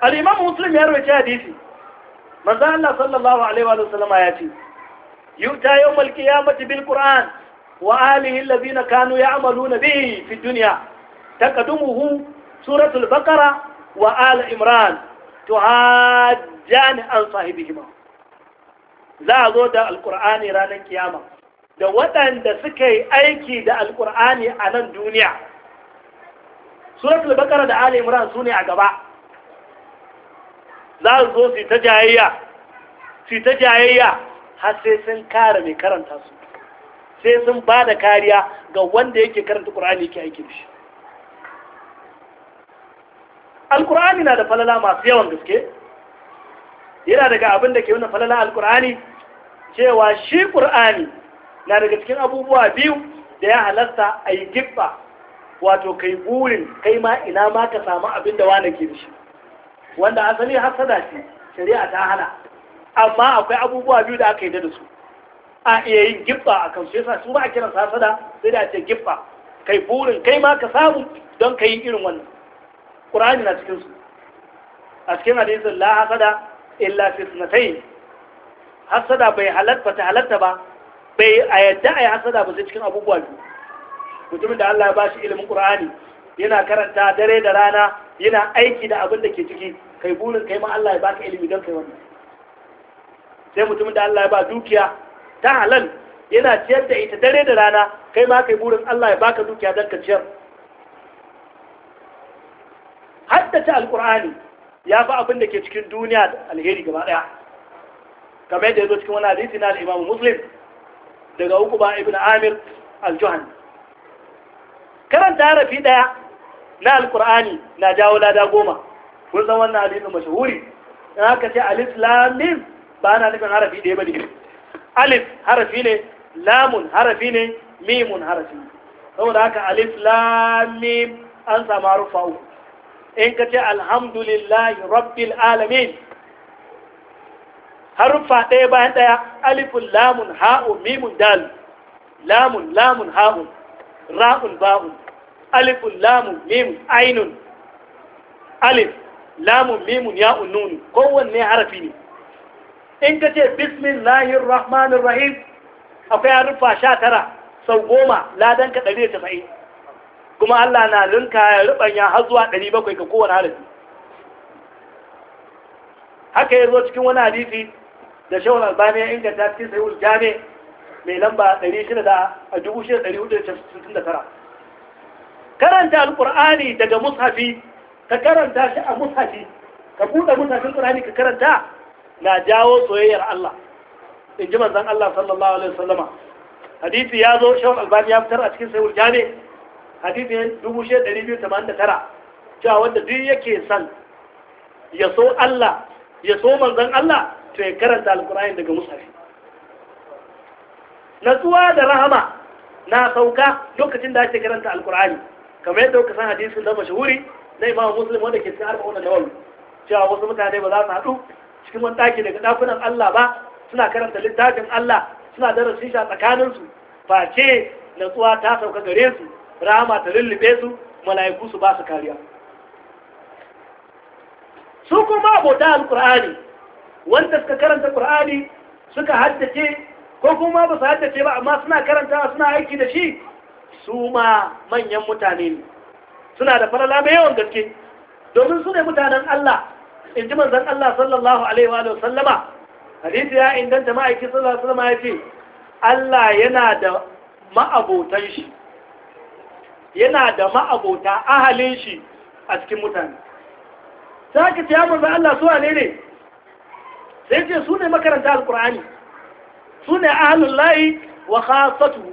al'imam muslim ya rubuce hadisi manzan Allah sallallahu alaihi wa sallama ya ce yuta yau malki ya mace bil qur'an wa Kano ya kanu na bihi fi duniya taqadumuhu suratul baqara wa al imran tuhajjan an sahibihima za a zo da alqur'ani ranar kiyama da waɗanda suka yi aiki da alqur'ani a nan duniya suratul baqara da al imran sune a gaba za su zo su ta jayayya su ta jayayya har sai sun kare mai karanta su sai sun ba da kariya ga wanda yake karanta ƙur'ani yake aiki da shi alkur'ani na da falala masu yawan gaske yana daga abin da ke wani falala alkur'ani cewa shi kur'ani na daga cikin abubuwa biyu da ya halasta a yi gibba wato kai burin kai ma ina ma ka samu abin da wane ke da shi wanda asali hasada ce shari'a ta hana amma akwai abubuwa biyu da aka yi da su a iya yin gibba a kan su yasa su ba a kiran hasada sai da ce gibba kai burin kai ma ka samu don ka yi irin wannan ƙura'ani na cikinsu a cikin hadisin la hasada illa fi sunatai, hasada bai halatta ta halatta ba bai a yadda a yi hasada ba sai cikin abubuwa biyu mutumin da Allah ya bashi ilimin ƙura'ani yana karanta dare da rana yana aiki da abin da ke ciki kai burin kai ma Allah ya baka ilimi don kai wannan sai mutumin da Allah ya ba dukiya ta halal yana ciyar da ita dare da rana kai ma kai burin Allah ya baka dukiya don ka ciyar ta alkur'ani ya fi abin da ke cikin duniya da alheri gaba daya kamar da ya zo cikin wani hadisi na al'imam muslim daga uku ba ibn amir al-juhan karanta harafi ɗaya na alkur'ani na jawo lada goma kun san wannan hadisin mashahuri in aka ce alif lamim ba na nufin harafi ɗaya bane alif harafi ne lamun harafi ne mimun harafi ne saboda haka alif an samu harufa uku in ka ce alhamdulillahi rabbil alamin haruffa ɗaya bayan ɗaya alifun lamun ha'un mimun dal lamun lamun ha'un ra'un ba'un alifun lamun mimun ainun alif lamun mimun ya'un nunu kowanne harafi ne in ka ce bismillahir rahmanir rahim akwai haruffa sha tara sau goma ladan ka ɗari da tasa'in kuma Allah na linka ya rubanya har zuwa 700 ka kowane harafi haka ya zo cikin wani hadisi da shawar albani ya inganta cikin sayul jami mai lamba 6,469 karanta alkur'ani daga mushafi ka karanta shi a mushafi ka buɗe mushafin ƙur'ani ka karanta na jawo soyayyar Allah in ji manzan Allah sallallahu alaihi wasallama hadisi ya zo shawar albani ya fitar a cikin sayul jami hadisin 1289 cewa wanda duk yake san ya so Allah ya so manzon Allah to ya karanta alkur'ani daga musafi natsuwa da rahama na sauka lokacin da ake karanta alkur'ani kamar yadda kuka san hadisin da mashhuri na imamu muslim wanda ke cikin arba'un da cewa wasu mutane ba za su haɗu cikin wani ɗaki daga ɗakunan Allah ba suna karanta littafin Allah suna darasin shi a tsakaninsu face natsuwa ta sauka gare su rama ta lullube su mala'iku su ba su kariya su kuma abota alkur'ani wanda suka karanta kur'ani suka haddace ko kuma ba su haddace ba amma suna karanta suna aiki da shi su ma manyan mutane ne suna da farala mai yawan gaske domin su ne mutanen Allah in ji manzan Allah sallallahu alaihi wa sallama hadisi ya inganta ma'aikin sallallahu alaihi wa sallama ya ce Allah yana da ma'abotan shi yana da ma'abota ahalin shi a cikin mutane ta haka ce ya Allah su wane ne sai ce su ne makaranta alkur'ani su ne ahalin layi wa khasatu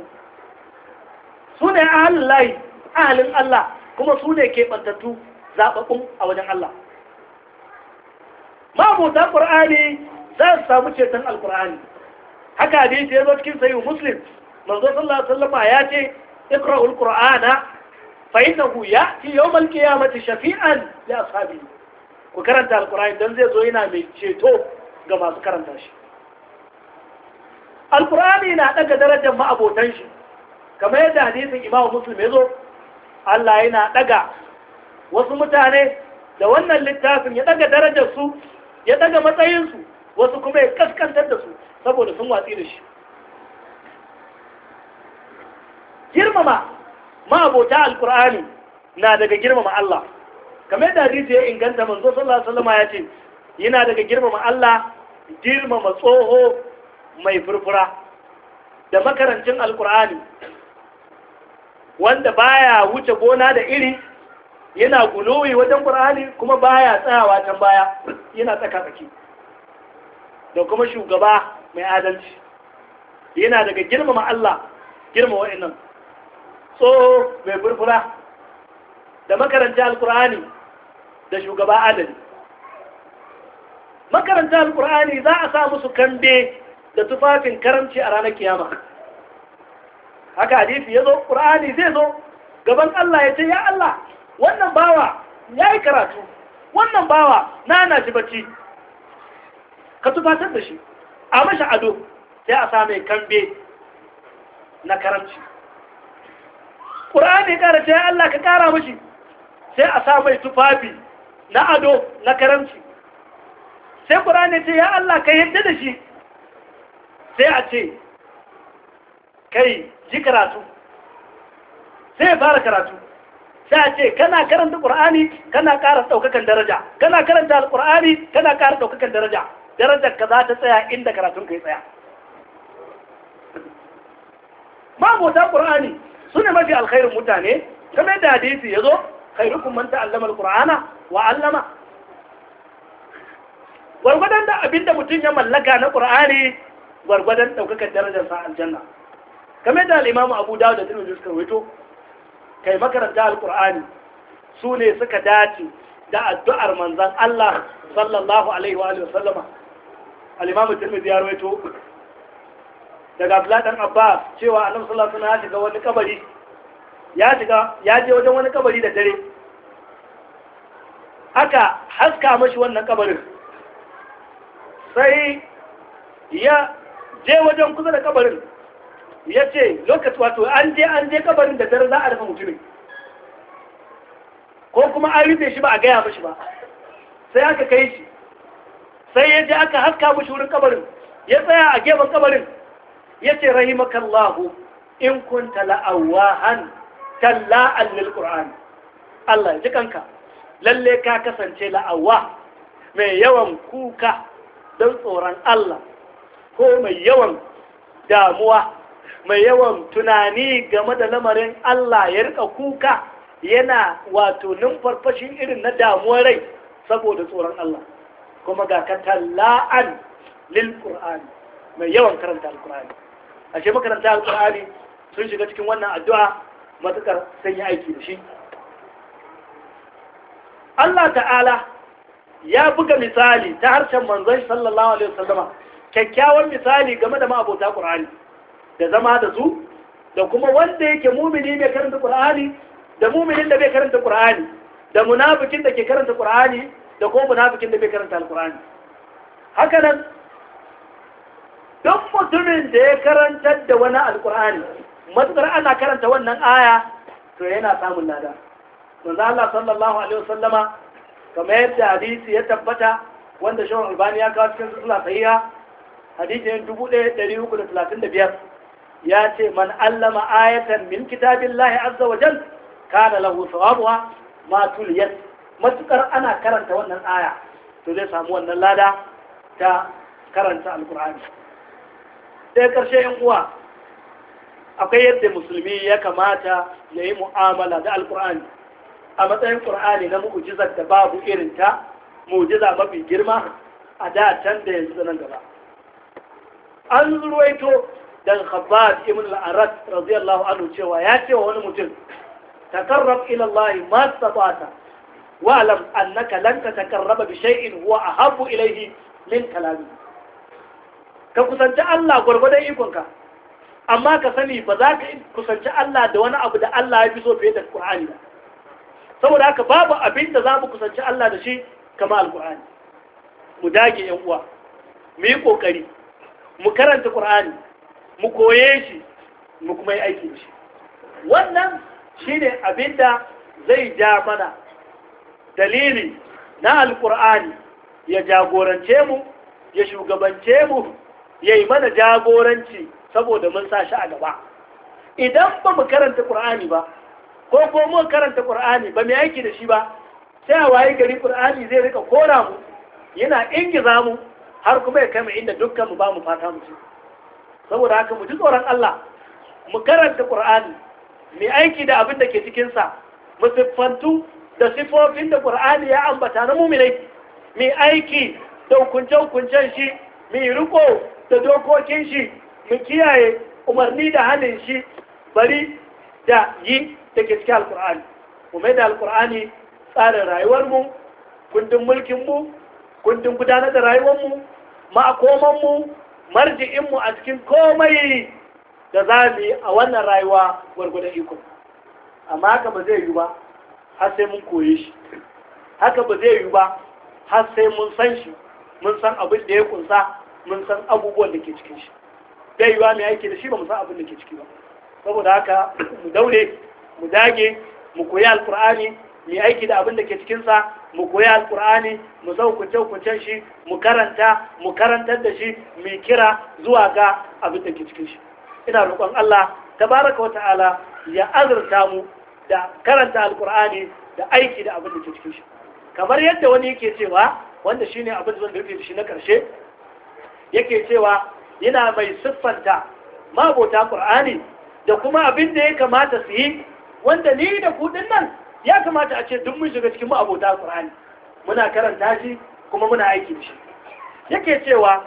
su ne ahalin layi ahalin Allah kuma su ne keɓantattu zaɓaɓɓun a wajen Allah ma'abota ƙur'ani za su samu ceton alkur'ani haka hadisi ya zo cikin sayi muslim manzo sallallahu alaihi wasallam ya ce اقرأوا القرآن فإنه يأتي يوم القيامة شفيعا لأصحابه وكرنت القرآن دنزي زي زوينا من شيتو كما كرنت شي القرآن هنا تقدر جمع أبو تنشي كما يدى حديث إمام مسلم يزور الله هنا تقع وصمتاني mutane da wannan littafin ya daga darajarsu ya daga matsayinsu wasu kuma ya kaskantar da su girmama ma'abota alkur'ani na daga girmama Allah kamar yadda hadisi ya inganta manzo sallallahu alaihi wasallam ya ce yana daga girmama Allah girmama tsoho mai furfura da makarancin alkur'ani wanda baya wuce gona da iri yana gulowi wajen qur'ani kuma baya tsayawa can baya yana tsaka tsaki da kuma shugaba mai adalci yana daga girmama Allah girmama wa'annan so mai burbura da makaranta alkur'ani da shugaba adali makaranta alkur'ani za a sa musu kambe da tufafin karamci a ranar kiyama haka hadisi ya zo ƙur'ani zai zo gaban Allah ya ce ya Allah wannan bawa ya yi karatu wannan bawa na na shi bacci ka tufatar da shi a mashi ado sai a sa kambe na karamci ƙurani ƙara ce Allah ka ƙara mashi sai a sa mai tufafi na ado na karamci sai ƙurani ce ya Allah ka yadda da shi sai a ce kai ji karatu sai ya fara karatu sai a ce kana karanta ƙurani kana ƙara ɗaukakan daraja kana karanta ƙurani kana ƙara ɗaukakan daraja darajar ka za ta tsaya inda karatun ka yi tsaya ma bauta ƙurani sune mafi alkhairin mutane kamar da hadisi ya zo khairukum man ta'allama alqur'ana wa 'allama gwargwadon da abinda mutum ya mallaka na qur'ani gurgudan daukaka darajar sa aljanna kamar da al imam abu dawud da tirmidhi suka wato kai makaranta alqur'ani su ne suka dace da addu'ar manzon Allah sallallahu alaihi wa alihi sallama al imam tirmidhi ya rawaito daga abdullahi abba cewa annabi sallallahu alaihi wasallam ya shiga wani kabari ya shiga ya je wajen wani kabari da dare aka haska mashi wannan kabarin sai ya je wajen kusa da kabarin ya ce lokaci wato an je an je kabarin da dare za a rufe mutumin ko kuma an rufe shi ba a gaya mashi ba sai aka kai shi sai ya je aka haska mashi wurin kabarin ya tsaya a gefen kabarin yace rahimakallahu in kunta la'awahan talla'an lil Allah ji kanka lalle ka kasance la'awa mai yawan kuka don tsoron Allah ko mai yawan damuwa mai yawan tunani game da lamarin Allah ya rika kuka yana wato numfarfashin irin na damuwar rai saboda tsoron Allah kuma ga ka talla'an lil mai yawan karanta al ashe makaranta alƙur'ani sun shiga cikin wannan addu'a matukar sun yi aiki da shi Allah ta'ala ya buga misali ta harshen manzon sallallahu alaihi wasallam kyakkyawan misali game da ma'abota Qur'ani da zama da su da kuma wanda yake mumini mai karanta Qur'ani da muminin da bai karanta Qur'ani da munafikin da ke karanta Qur'ani da kuma munafikin da bai karanta al haka nan duk mutumin da ya karantar da wani alkur'ani matukar ana karanta wannan aya to yana samun lada manzo Allah sallallahu alaihi wasallama kamar yadda hadisi ya tabbata wanda shawar albani ya kawo cikin suna sahiha hadisin 1335 ya ce man allama ayatan min kitabillahi azza wa jal kana lahu thawabuha ma tuliyat matukar ana karanta wannan aya to zai samu wannan lada ta karanta alkur'ani sai ƙarshe yan uwa akwai yadda musulmi ya kamata ya yi mu'amala da alƙur'ani a matsayin ƙur'ani na mu'ujizar da babu irin ta mu'ujiza mafi girma a da can da yanzu da nan gaba an ruwaito dan khabbab ibn al-arad radiyallahu anhu cewa ya ce wa wani mutum takarrab ila Allah ma stata'ta wa alam annaka lan tatakarraba bi shay'in huwa ahabbu ilayhi min kalami ka kusanci Allah gwargwadon ikonka amma ka sani ba za ka kusanci Allah da wani abu da Allah ya fi so fiye da Qur'ani ba saboda haka babu abin da za mu kusanci Allah da shi kama alkur'ani mu dage yan uwa mu yi ƙoƙari, mu karanta Qur'ani mu koye shi mu kuma yi aiki da shi wannan shine abin da zai ja mana dalili na alkur'ani ya jagorance mu ya shugabance mu ya yi mana jagoranci saboda mun sa shi a gaba idan ba mu karanta ƙur'ani ba ko ko mu karanta ƙur'ani ba mu aiki da shi ba sai a wayi gari ƙur'ani zai rika kora mu yana ingiza mu har kuma ya kai inda dukkan mu ba mu fata mu ci saboda haka mu ji tsoron Allah mu karanta ƙur'ani mu aiki da abin da ke cikin sa mu siffantu da sifofin da ƙur'ani ya ambata na mu mu aiki da hukunce-hukuncen shi mu riko da dokokin shi mu kiyaye umarni da hannun shi bari da yi da ke cikin alkur'ani mai da alkur'ani tsarin rayuwarmu kundin mulkinmu kundin gudanar da rayuwarmu ma'akomanmu marji'inmu a cikin komai da za mu yi a wannan rayuwa gwargwada iko amma haka ba zai yi ba har sai mun koye shi haka ba zai yi ba har sai mun san shi mun san abin da ya kunsa mun san abubuwan da ke cikin shi bai yiwa mai aiki da shi ba mu san abin da ke ciki ba saboda haka mu daure mu dage mu koyi alkur'ani mu aiki da abin da ke cikinsa mu koyi alkur'ani mu zau kunce-kuncen shi mu karanta mu karantar da shi mu kira zuwa ga abin da ke cikin shi ina roƙon Allah tabaraka wata'ala ya azurta mu da karanta alkur'ani da aiki da abin da ke cikin shi kamar yadda wani yake cewa wanda shine abin da zan da shi na karshe yake cewa yana mai siffanta mabota ƙur'ani da kuma abin da ya kamata su yi wanda ni da kuɗin nan ya kamata a ce duk mun shiga cikin ma'abota ƙur'ani muna karanta shi kuma muna aiki da shi yake cewa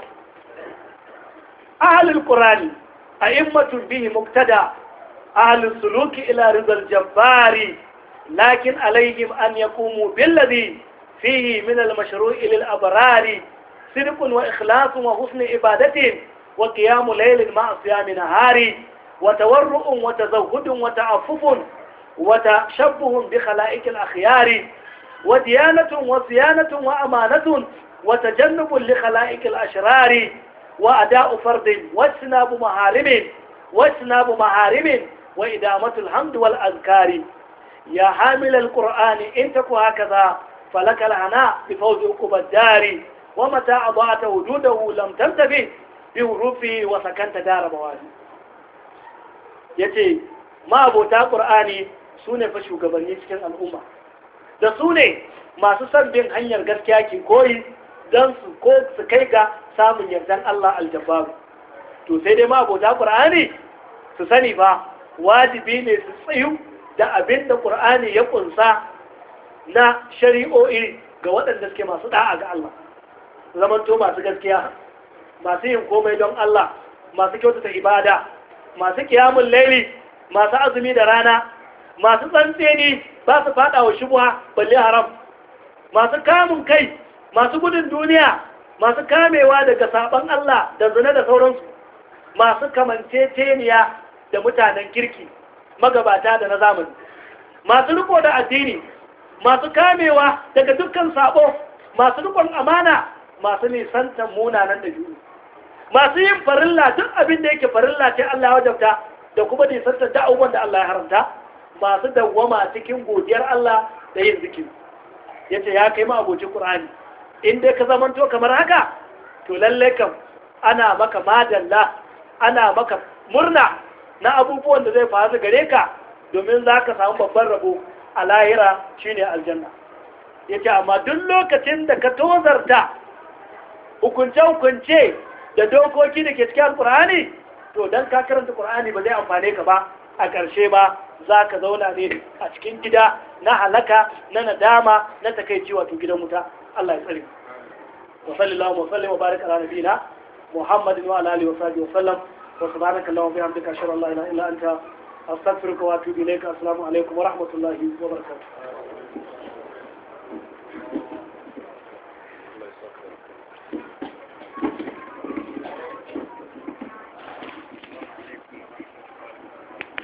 ahalul ƙur'ani a immatun bihi muktada ahalul suluki ila rizal jabbari lakin alaihim an yaqumu billadhi fihi min al-mashru'i lil abrari صدق وإخلاص وحسن عبادة وقيام ليل مع صيام نهار وتورؤ وتزهد وتعفف وتشبه بخلائق الأخيار وديانة وصيانة وأمانة وتجنب لخلائق الأشرار وأداء فرد واجتناب محارم واجتناب محارم وإدامة الحمد والأذكار يا حامل القرآن إن تكو هكذا فلك العناء بفوز عقب الدار ومتى أضاعت وجوده لم تنتبه بوروفه وسكنت دار Ya ce ma abota su sune fa shugabanni cikin al'umma da su ne masu son hanyar gaskiya ke koyi don su ko su kai ga samun yardan Allah aljabbaru to sai dai ma abota qur'ani su sani ba wajibi ne su tsayu da abin da qur'ani ya ƙunsa na shari'o'i ga waɗanda suke masu da'a ga Allah zamanto masu gaskiya masu yin komai don Allah masu kyautata ibada masu kiyamun laili masu azumi da rana masu tsantseni ba su fada wa shubha balle haram masu kamun kai masu gudun duniya masu kamewa daga saban Allah da zina da sauransu masu kamanceceniya da mutanen kirki magabata da na zamani masu riko da addini masu kamewa daga dukkan sabo masu rikon amana masu nisantar munanan da biyu masu yin farilla duk abin da yake farilla ce Allah ya wajabta da kuma nisantar da abubuwan da Allah ya haramta masu dawwama cikin godiyar Allah da yin Ya ce ya kai ma abocin Qur'ani in dai ka zamanto kamar haka to lallai kam ana maka madalla ana maka murna na abubuwan da zai faru gare ka domin za ka samu babban rabo a lahira shine aljanna Ya ce amma duk lokacin da ka tozarta hukunce-hukunce da dokoki da ke cikin alkur'ani to don ka karanta kur'ani ba zai amfane ka ba a ƙarshe ba za ka zauna ne a cikin gida na halaka na nadama na takaici wato gidan wuta Allah ya tsare wa sallallahu wa wa baraka ala nabiyina muhammadin wa ala alihi wa sahbihi wa sallam wa subhanaka allahumma wa bihamdika ashhadu an la ilaha illa anta astaghfiruka wa atubu ilayka assalamu alaikum wa rahmatullahi wa barakatuh